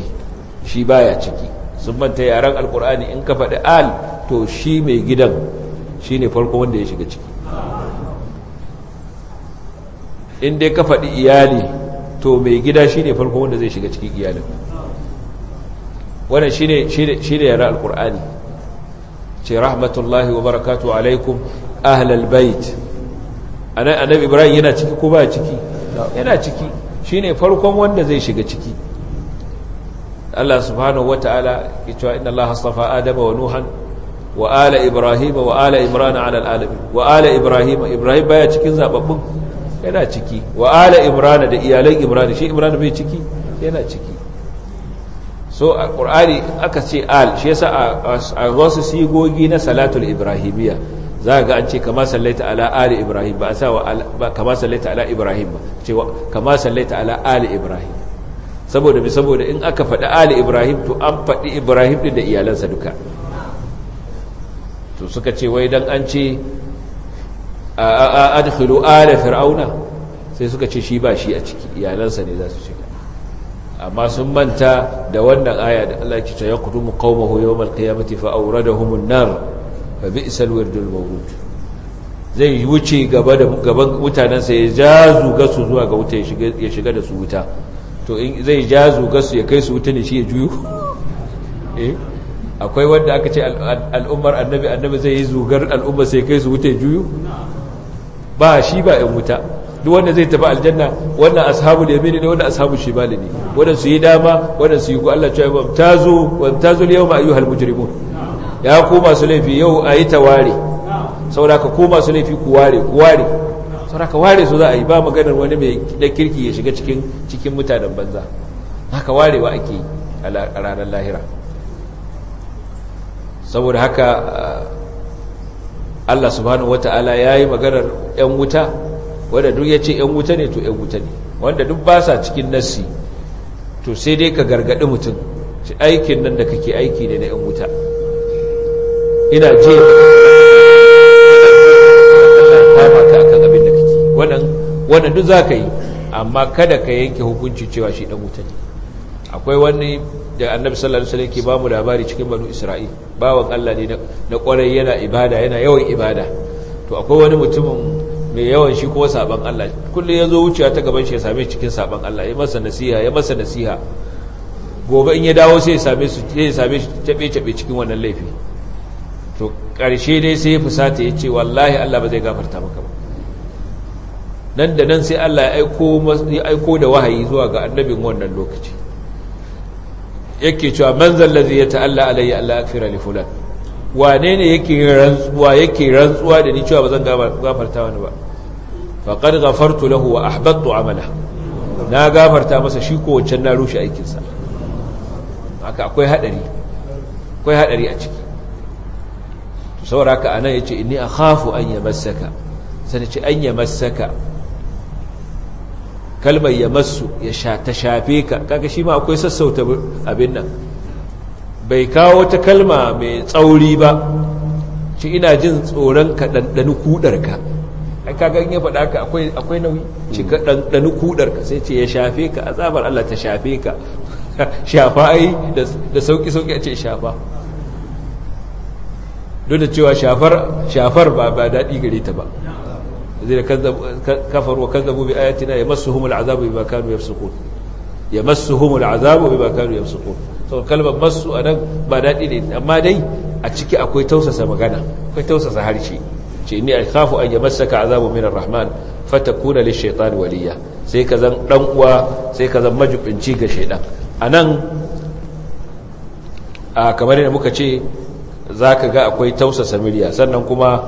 shi baya ciki sun manta yaran alkur'ani in ka faɗi al to shi mai gidan shi ne farko wanda ya shiga ciki in dai ka faɗi iyali to mai gida ne farko wanda zai shiga cikin iyalin wannan shine shine yara alqur'ani ce rahmatullahi wa alaikum ahlal bait annabi ibrahim yana ciki ko ba ciki yana ciki ne farkon wanda zai shiga ciki Allah subhanahu inna Allah astafa adama wa nuhan wa ala ibrahima wa ala ala wa ala ibrahim baya cikin zababbun yana ciki wa ala imrana da iyalan imrana shi imrana mai ciki yana ciki so a ƙur'ani aka ce al shi yasa a wasu sigogi na salatul ibrahimiyya za ga an ce kama sallaita ala ali ibrahim ba a sa wa kama sallaita ala ibrahim ba ce wa, kama sallaita ala ali ibrahim saboda bi saboda in aka faɗi ali ibrahim to an faɗi ibrahim ɗin da iyalansa duka to suka ce wai don an ce a adkhilu ala fir'auna sai suka ce shi ba shi a ciki iyalansa ne za su shiga amma sun manta da wannan aya da Allah ya ce yaqdumu qaumahu yawmal qiyamati fa awradahum an-nar fa bi'sal wirdul mawrud zai wuce gaba da gaban mutanansa ya jazu su zuwa ga wuta ya shiga da su wuta to in zai jazu su ya kai su wuta ne shi ya juyo eh akwai wanda aka ce al'ummar annabi annabi zai yi zugar al'ummar sai kai su wuta ya juyo ba shi ba yan wuta duk wanda zai tafi aljanna wannan ashabul yamin ne wannan ashabul shimal ne wannan su yi dama wannan su yi ku Allah cewa mumtazu mumtazul yawma ayyuhal mujrimun ya ku masu laifi yau ayi taware saboda ka ku masu laifi ku ware ku ware saboda ka ware su za a yi ba maganar wani mai da kirki ya shiga cikin cikin mutanen banza haka warewa ake a ranar lahira saboda haka Allah subhanahu ya yi maganar yan wuta wanda duk ce yan wuta ne to yan wuta ne wanda duk ba sa cikin nassi to sai dai ka gargaɗi mutum ci aikin nan da kake aiki ne na yan wuta ina je wannan duk za ka yi amma kada ka yanke hukunci cewa shi ɗan wuta ne akwai wani da annabi sallallahu alaihi wasallam ke bamu labari cikin banu isra'i bawan Allah ne na kwarai yana ibada yana yawan ibada to akwai wani mutumin mai yawan shi kuma saban Allah kullum ya zo ta gaban shi ya same cikin saban Allah ya masa nasiha ya masa nasiha gobe in ya dawo sai ya same su sai ya same shi tabe tabe cikin wannan laifi to karshe dai sai ya fusata ya ce wallahi Allah ba zai gafarta maka ba nan da nan sai Allah ya aiko da wahayi zuwa ga annabin wannan lokaci yake cewa man zallazi ya ta'alla alayya Allah akfira li fulan wane ne yake rantsuwa rantsuwa da ni cewa bazan gafarta wani ba faqad ghafartu lahu wa ahbattu amala na gafarta masa shi ko wancan na rushe aikinsa. sa haka akwai hadari akwai hadari a ciki to saboda haka anan yace inni akhafu an yamassaka sai ce an yamassaka kalmar ya masu ya ta shafe ka kaka shi ma akwai sassauta abin nan bai kawo wata kalma mai tsauri ba shi ina jin tsoron ka ɗanɗani kudarka ai kaga in ya faɗa ka akwai nauyi shi ka ɗanɗani kudarka sai ce ya shafe ka a tsabar Allah ta shafe ka shafa ai da sauƙi sauƙi a ce shafa duk da cewa shafar shafar ba ba daɗi gare ta ba zai kafar wa kazzabu bi ayatina yamassuhumul azabu bima kanu yafsukun yamassuhumul azabu bima kanu yafsukun to kalmar masu anan ba daɗi ne amma dai a ciki akwai tausasa magana akwai tausasa harshe ce ni akhafu an yamassaka azabu min arrahman dan uwa ga anan a kamar yadda muka ce zaka ga akwai tausasa miliya sannan kuma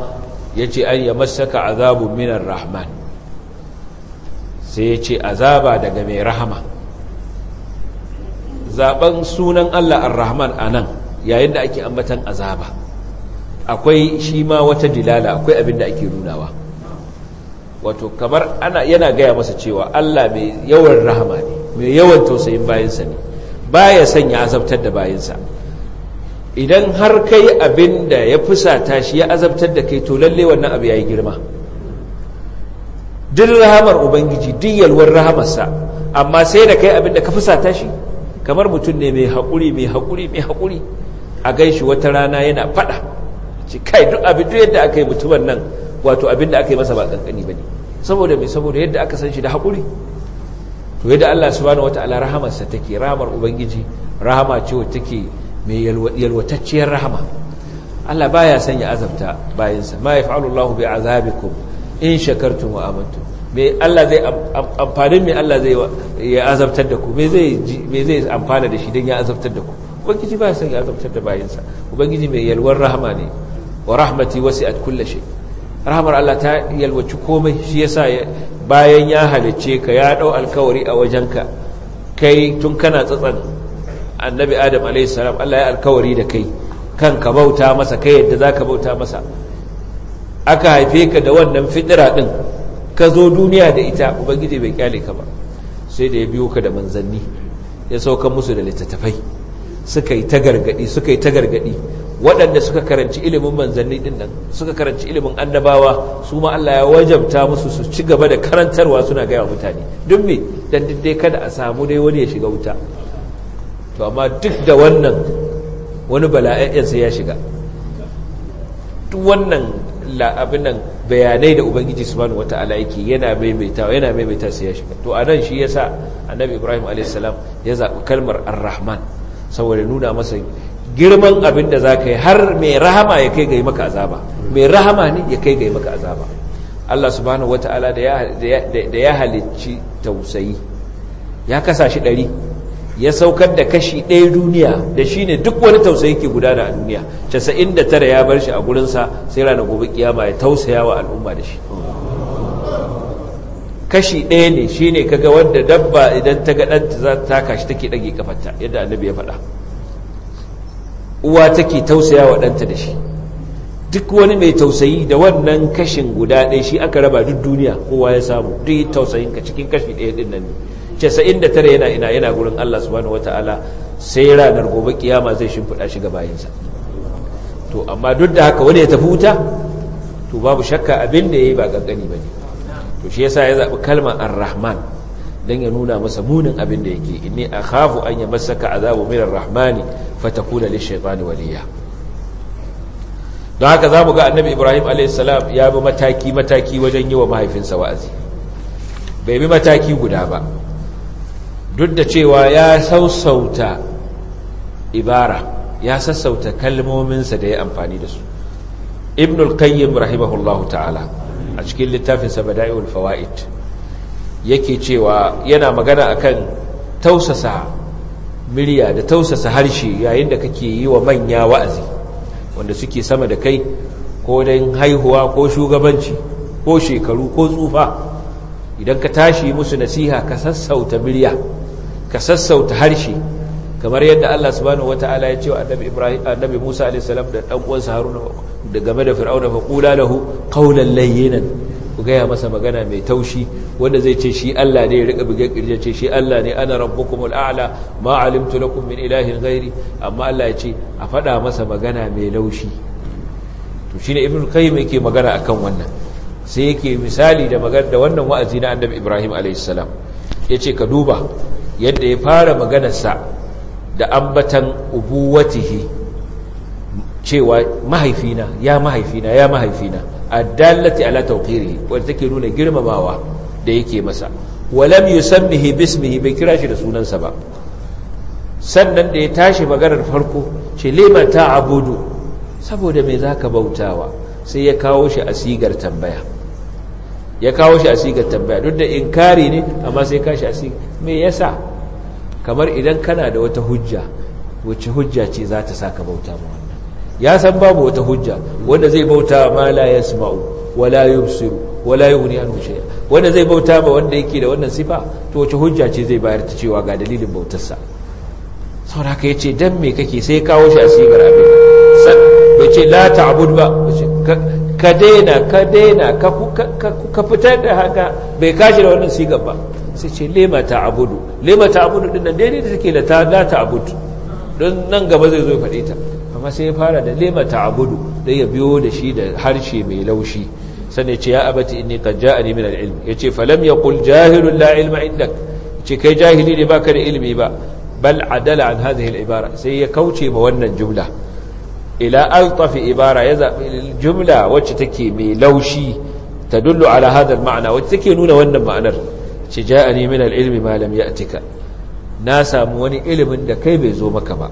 Ya ce an masaka azabun minar rahman sai yace azaba daga mai rahama zaben sunan Allah ar-rahman a nan yayin da ake ambatan azaba akwai shi ma wata dilala akwai abin da ake nunawa wato kamar ana yana gaya masa cewa Allah mai yawan rahama ne mai yawan tausayin bayansa ne baya sanya azabtar da bayansa idan har kai abin da ya fusata shi ya azabtar da kai to lalle wannan abu ya yi girma duk rahamar ubangiji duk yalwar rahamarsa amma sai da kai abin da ka fusata shi kamar mutum ne mai haƙuri mai haƙuri mai haƙuri a shi wata rana yana faɗa ci kai duk abin duk yadda aka yi mutumin nan wato abin da aka yi masa ba kankani ba ne saboda mai saboda yadda aka san shi da haƙuri to yadda Allah subhanahu wataala rahamarsa take rahamar ubangiji rahama ce wacce take mai yalwatacciyar rahama Allah baya son ya azabta bayansa ma yaf'alu Allahu bi azabikum in shakartum wa amantum me Allah zai amfanin me Allah zai ya azabtar da ku me zai amfana da shi dan ya azabtar da ku ubangiji baya son ya azabtar da bayansa ubangiji mai yalwar rahama ne wa rahmati wasi'at kulli kullashe rahmar Allah ta yalwaci komai shi yasa bayan ya halicce ka ya dau alkawari a wajenka kai tun kana tsatsan annabi adam alaihi salam Allah ya alkawari da kai kanka bauta masa kai yadda ka bauta masa aka haife ka da wannan fitira din ka zo duniya da ita ubangiji bai kyale ka ba sai da ya biyo ka da manzanni ya sauka musu da littattafai suka yi ta gargadi suka yi ta gargadi waɗanda suka karanci ilimin manzanni din nan suka karanci ilimin annabawa su ma Allah ya wajabta musu su ci gaba da karantarwa suna gaya mutane duk me dan didde kada a samu dai wani ya shiga wuta to amma duk da wannan wani bala'ayyansa ya shiga duk wannan abin nan bayanai da ubangiji subhanahu wata'ala yake yana maimaita yana maimaita sai ya shiga to anan shi yasa annabi ibrahim a.s. ya zaɓi kalmar ar-rahman saboda nuna masa girman abin da zaka yi har mai rahama ya kai ga yi maka azaba mai rahama ne ya kai ga yi maka azaba Allah subhanahu wata'ala da ya halicci tausayi ya kasa shi ɗari ya saukar da kashi ɗaya duniya da shi ne duk wani tausayi ke gudana a duniya casa'in da tara ya bar shi a gurinsa sai rana gobe kiyama ya tausaya wa al'umma da shi kashi ɗaya ne shi ne kaga wadda dabba idan ta gaɗanta za ta kashi take ɗage kafarta yadda annabi ya faɗa uwa take tausaya wa ɗanta da shi duk wani mai tausayi da wannan kashin guda ɗaya shi aka raba duk duniya kowa ya samu duk tausayin cikin kashi ɗaya ɗin nan ne 99 yana ina yana gurin Allah subhanahu wataala sai ranar gobe kiyama zai shimfida shi ga bayinsa to amma duk da haka wani ya tafi wuta to babu shakka abin da yayi ba kankani bane to shi yasa ya zabi kalmar ar-rahman dan ya nuna masa munin abin da yake inni akhafu an yamassaka azabu min ar-rahmani fatakuna lish-shaytani waliya don haka za mu ga annabi ibrahim a.s. ya bi mataki-mataki wajen yi wa mahaifinsa wa'azi bai bi mataki guda ba duk da cewa ya sassauta ibara ya sassauta kalmominsa da ya amfani da su ibn al-qayyim rahimahullahu ta'ala a cikin littafinsa bada'iul fawaid yake cewa yana magana akan tausasa miliya da tausasa harshe yayin da kake yi wa manya wa'azi wanda suke sama da kai ko dan haihuwa ko shugabanci ko shekaru ko tsufa idan ka tashi musu nasiha ka sassauta miliya ka sassauta harshe kamar yadda Allah subhanahu wata'ala ya ce wa annabi Ibrahim annabi Musa alayhi salam da dan uwansa Haruna da game da Fir'auna fa qula lahu qawlan layyinan ku gaya masa magana mai taushi wanda zai ce shi Allah ne ya rika bugen kirje ce shi Allah ne ana rabbukumul a'la ma alimtu lakum min ilahin ghairi amma Allah ya ce a faɗa masa magana mai laushi to shine ibn qayyim yake magana akan wannan sai yake misali da magana da wannan wa'azi na annabi Ibrahim alayhi salam yace ka duba yadda ya fara maganarsa da ambatan ubuwatihi cewa mahaifina ya mahaifina ya mahaifina addallati ala tawqirihi wanda take nuna girmamawa da yake masa walam yusammihi bismihi bai kira shi da sunansa ba sannan da ya tashi maganar farko ce lima ta abudu saboda me zaka bautawa sai ya kawo shi a sigar tambaya ya kawo shi a sigar tambaya duk da inkari ne amma sai ka shi a sigar me yasa kamar idan kana da wata hujja wacce hujja ce za ta saka bauta ma wannan ya san babu wata hujja wanda zai bauta ma la yasma'u wala yubsiru wala yughni anhu shay'a wanda zai bauta ma wanda yake da wannan sifa to wacce hujja ce zai bayar ta cewa ga dalilin bautarsa saboda haka yace dan me kake sai kawo shi a sigar abin sai yace la ta'bud ba ka daina ka daina ka fitar da haka bai kashi da wannan sigar ba sai ce lema ta abudu lema ta abudu din nan daidai da take la ta abudu don nan gaba zai zo faɗe ta amma sai ya fara da lema ta abudu don ya biyo da shi da harshe mai laushi sani ce ya abati inni kan ja'ani min al-ilm yace falam yaqul jahilun la ilma indak ce kai jahili ne baka da ilimi ba bal adala an hadhihi ibara sai ya kauce ma wannan jumla ila altafi ibara ya zaɓi jumla wacce take mai laushi ta dullu ala hadar ma'ana wacce take nuna wannan ma'anar ce ja a nemin al'ilmi malam ya atika na samu wani ilimin da kai bai zo maka ba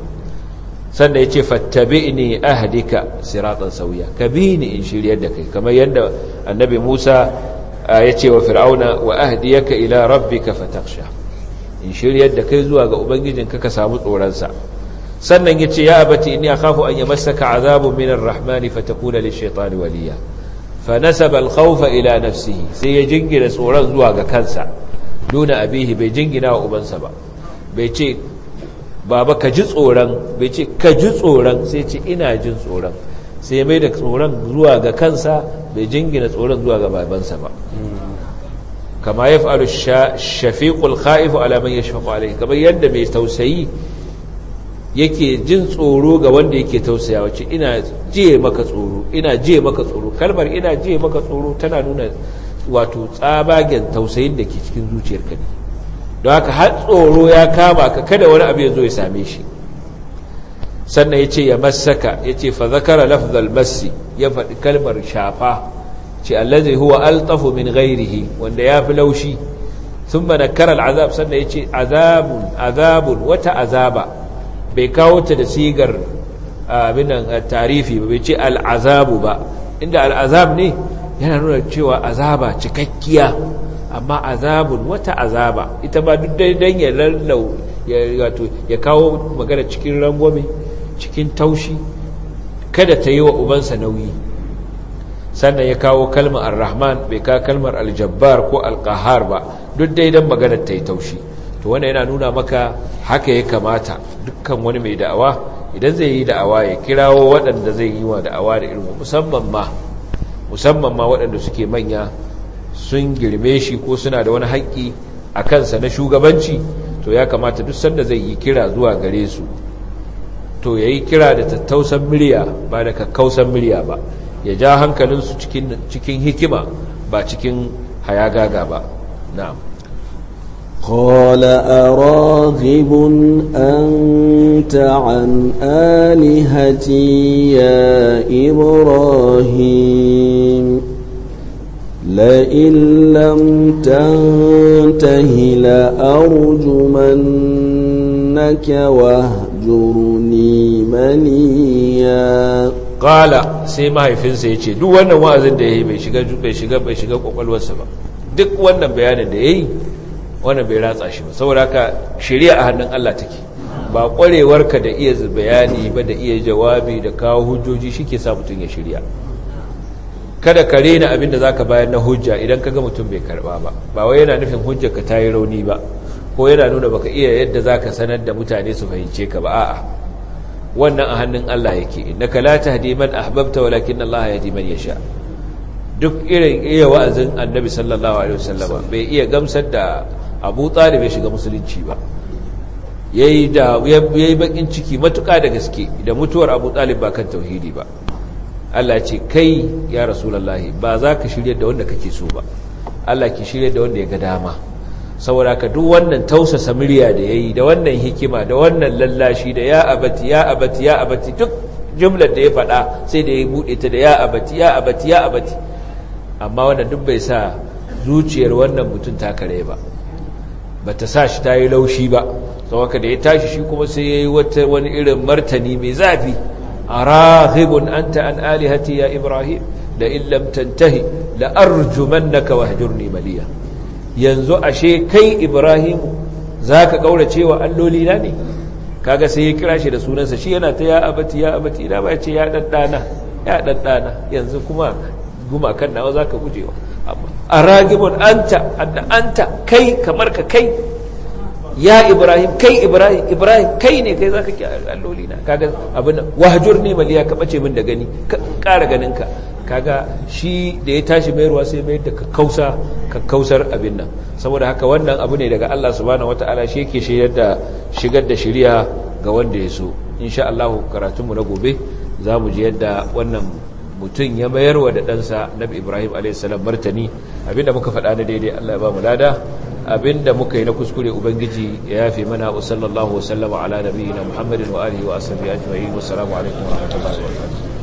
sannan ya ce fattabi ne ahadika siratan sauya ka bi ni in shiryar da kai kamar yadda annabi musa ya ce wa fir'auna wa ahdiyaka ila rabbika fataksha in shiryar da kai zuwa ga ubangijin ka samu tsoronsa sannan ya ce ya abati inni akhafu an masaka azabun minar rahmani fatakuna lishaytani waliya fa nasaba alkhawfa ila nafsihi sai ya jingina tsoron zuwa ga kansa duna abihi bai jingina wa ubansa ba bai ce baba ka ji tsoron bai ce ka ji tsoron sai ce ina jin tsoron sai mai da tsoron zuwa ga kansa bai jingina tsoron zuwa ga babansa ba kama ya fa'alu shafiqul khaif ala man yashfaqu alayhi kamar yadda mai tausayi yake jin tsoro ga wanda yake tausaya wacce ina jiye maka tsoro ina jiye maka tsoro kalmar ina jiye maka tsoro tana nuna wato tsabagen tausayin da ke cikin zuciyarka ne don haka har tsoro ya kama ka kada wani abu ya zo ya same shi sannan ya ce ya masaka ya ce fa zakara lafzal masi ya faɗi kalmar shafa ce allazi huwa altafu min ghairihi wanda ya fi laushi sun ba nakara azab sannan ya ce azabun azabun wata azaba bai kawo ta da sigar abin a tarifi ba bai ce al'azabu ba inda al'azab ne yana nuna cewa azaba cikakkiya amma azabun wata azaba ita ba duk ya lallau ya kawo magana cikin rangwame cikin taushi kada ta yi wa ubansa nauyi sannan ya kawo kalmar al rahman bai ka kalmar al-jabbar ko al-qahar ba duk dai dan magana ta yi taushi to wanda yana nuna maka haka ya kamata dukkan wani mai da'awa idan zai yi da'awa ya kirawo waɗanda zai yi wa da'awa da irin musamman ma musamman ma waɗanda suke manya sun girme shi ko suna da wani haƙƙi a kansa na shugabanci to ya kamata duk sanda zai yi kira zuwa gare su to ya yi kira da tattausan miliya ba da kakkausan miliya ba ya ja hankalinsu cikin hikima ba cikin hayagaga ba na'am قال أراغب أنت عن آلهتي يا إبراهيم لئن لم تنته لأرجمنك واهجرني منيا kala sai mahaifinsa yace ce duk wannan wa'azin da ya yi bai shiga bai shiga bai ba duk wannan bayanin da ya yi wannan bai ratsa shi ba saboda haka shari'a a hannun Allah take ba kwarewarka da iya bayani ba da iya jawabi da kawo hujjoji shi ke sa mutum ya shari'a kada ka rena abin da zaka bayar na hujja idan kaga mutum bai karba ba ba wai yana nufin hujja ka tayi rauni ba ko yana nuna baka iya yadda zaka sanar da mutane su fahimce ka ba a'a wannan a hannun Allah yake innaka la tahdi man ahbabta walakin Allah yahdi man yasha duk irin iya wa'azin annabi sallallahu alaihi wasallama bai iya gamsar da abu tsari bai shiga musulunci ba ya yi bakin ciki matuka da gaske da mutuwar abu tsari ba kan tauhidi ba Allah ce kai ya rasulallahi ba za ka shirya da wanda kake so ba Allah ki shirya da wanda ya ga dama saboda ka duk wannan tausasa murya da ya yi da wannan hikima da wannan lallashi da ya abati ya abati ya abati duk jumlar da ya faɗa sai da ya buɗe ta da ya abati ya abati ya abati amma wannan duk bai sa zuciyar wannan mutum ta kare ba ba ta sa shi ta yi laushi ba sau haka da ya tashi shi kuma sai ya yi wani irin martani mai zafi a rahibun an ta'an alihati ya ibrahim da illamtantahi la'arjuman na kawahajurni maliya yanzu ashe kai ibrahimu za ka ƙaura cewa alloli na ne kaga sai ya kira shi da sunansa shi yana ta ya abati ya abati ina ba ce ya ɗanɗana ya ɗanɗana yanzu kuma gumakan nawa za ka gujewa a ragibin anta anta kai kamar ka kai ya ibrahim kai ibrahim ibrahim kai ne kai zaka ki alloli na kaga abin wahjur ne maliya ka bace min da gani ka ƙara ganin ka kaga shi da ya tashi mayarwa sai mayar da kakkausa kakkausar abin nan saboda haka wannan abu ne daga Allah subhanahu wataala shi yake shigar da shigar da shari'a ga wanda ya so insha Allah karatunmu na gobe zamu ji yadda wannan mutum ya mayarwa da ɗansa nabi ibrahim salam martani abinda muka faɗa na daidai Allah ya ba mu lada abinda muka yi na kuskure ubangiji ya yafe mana wa sallallahu wa sallama ala nabiyina muhammadin wa alihi wa ashabihi ajma'in wa assalamu alaikum wa rahmatullahi wa barakatuh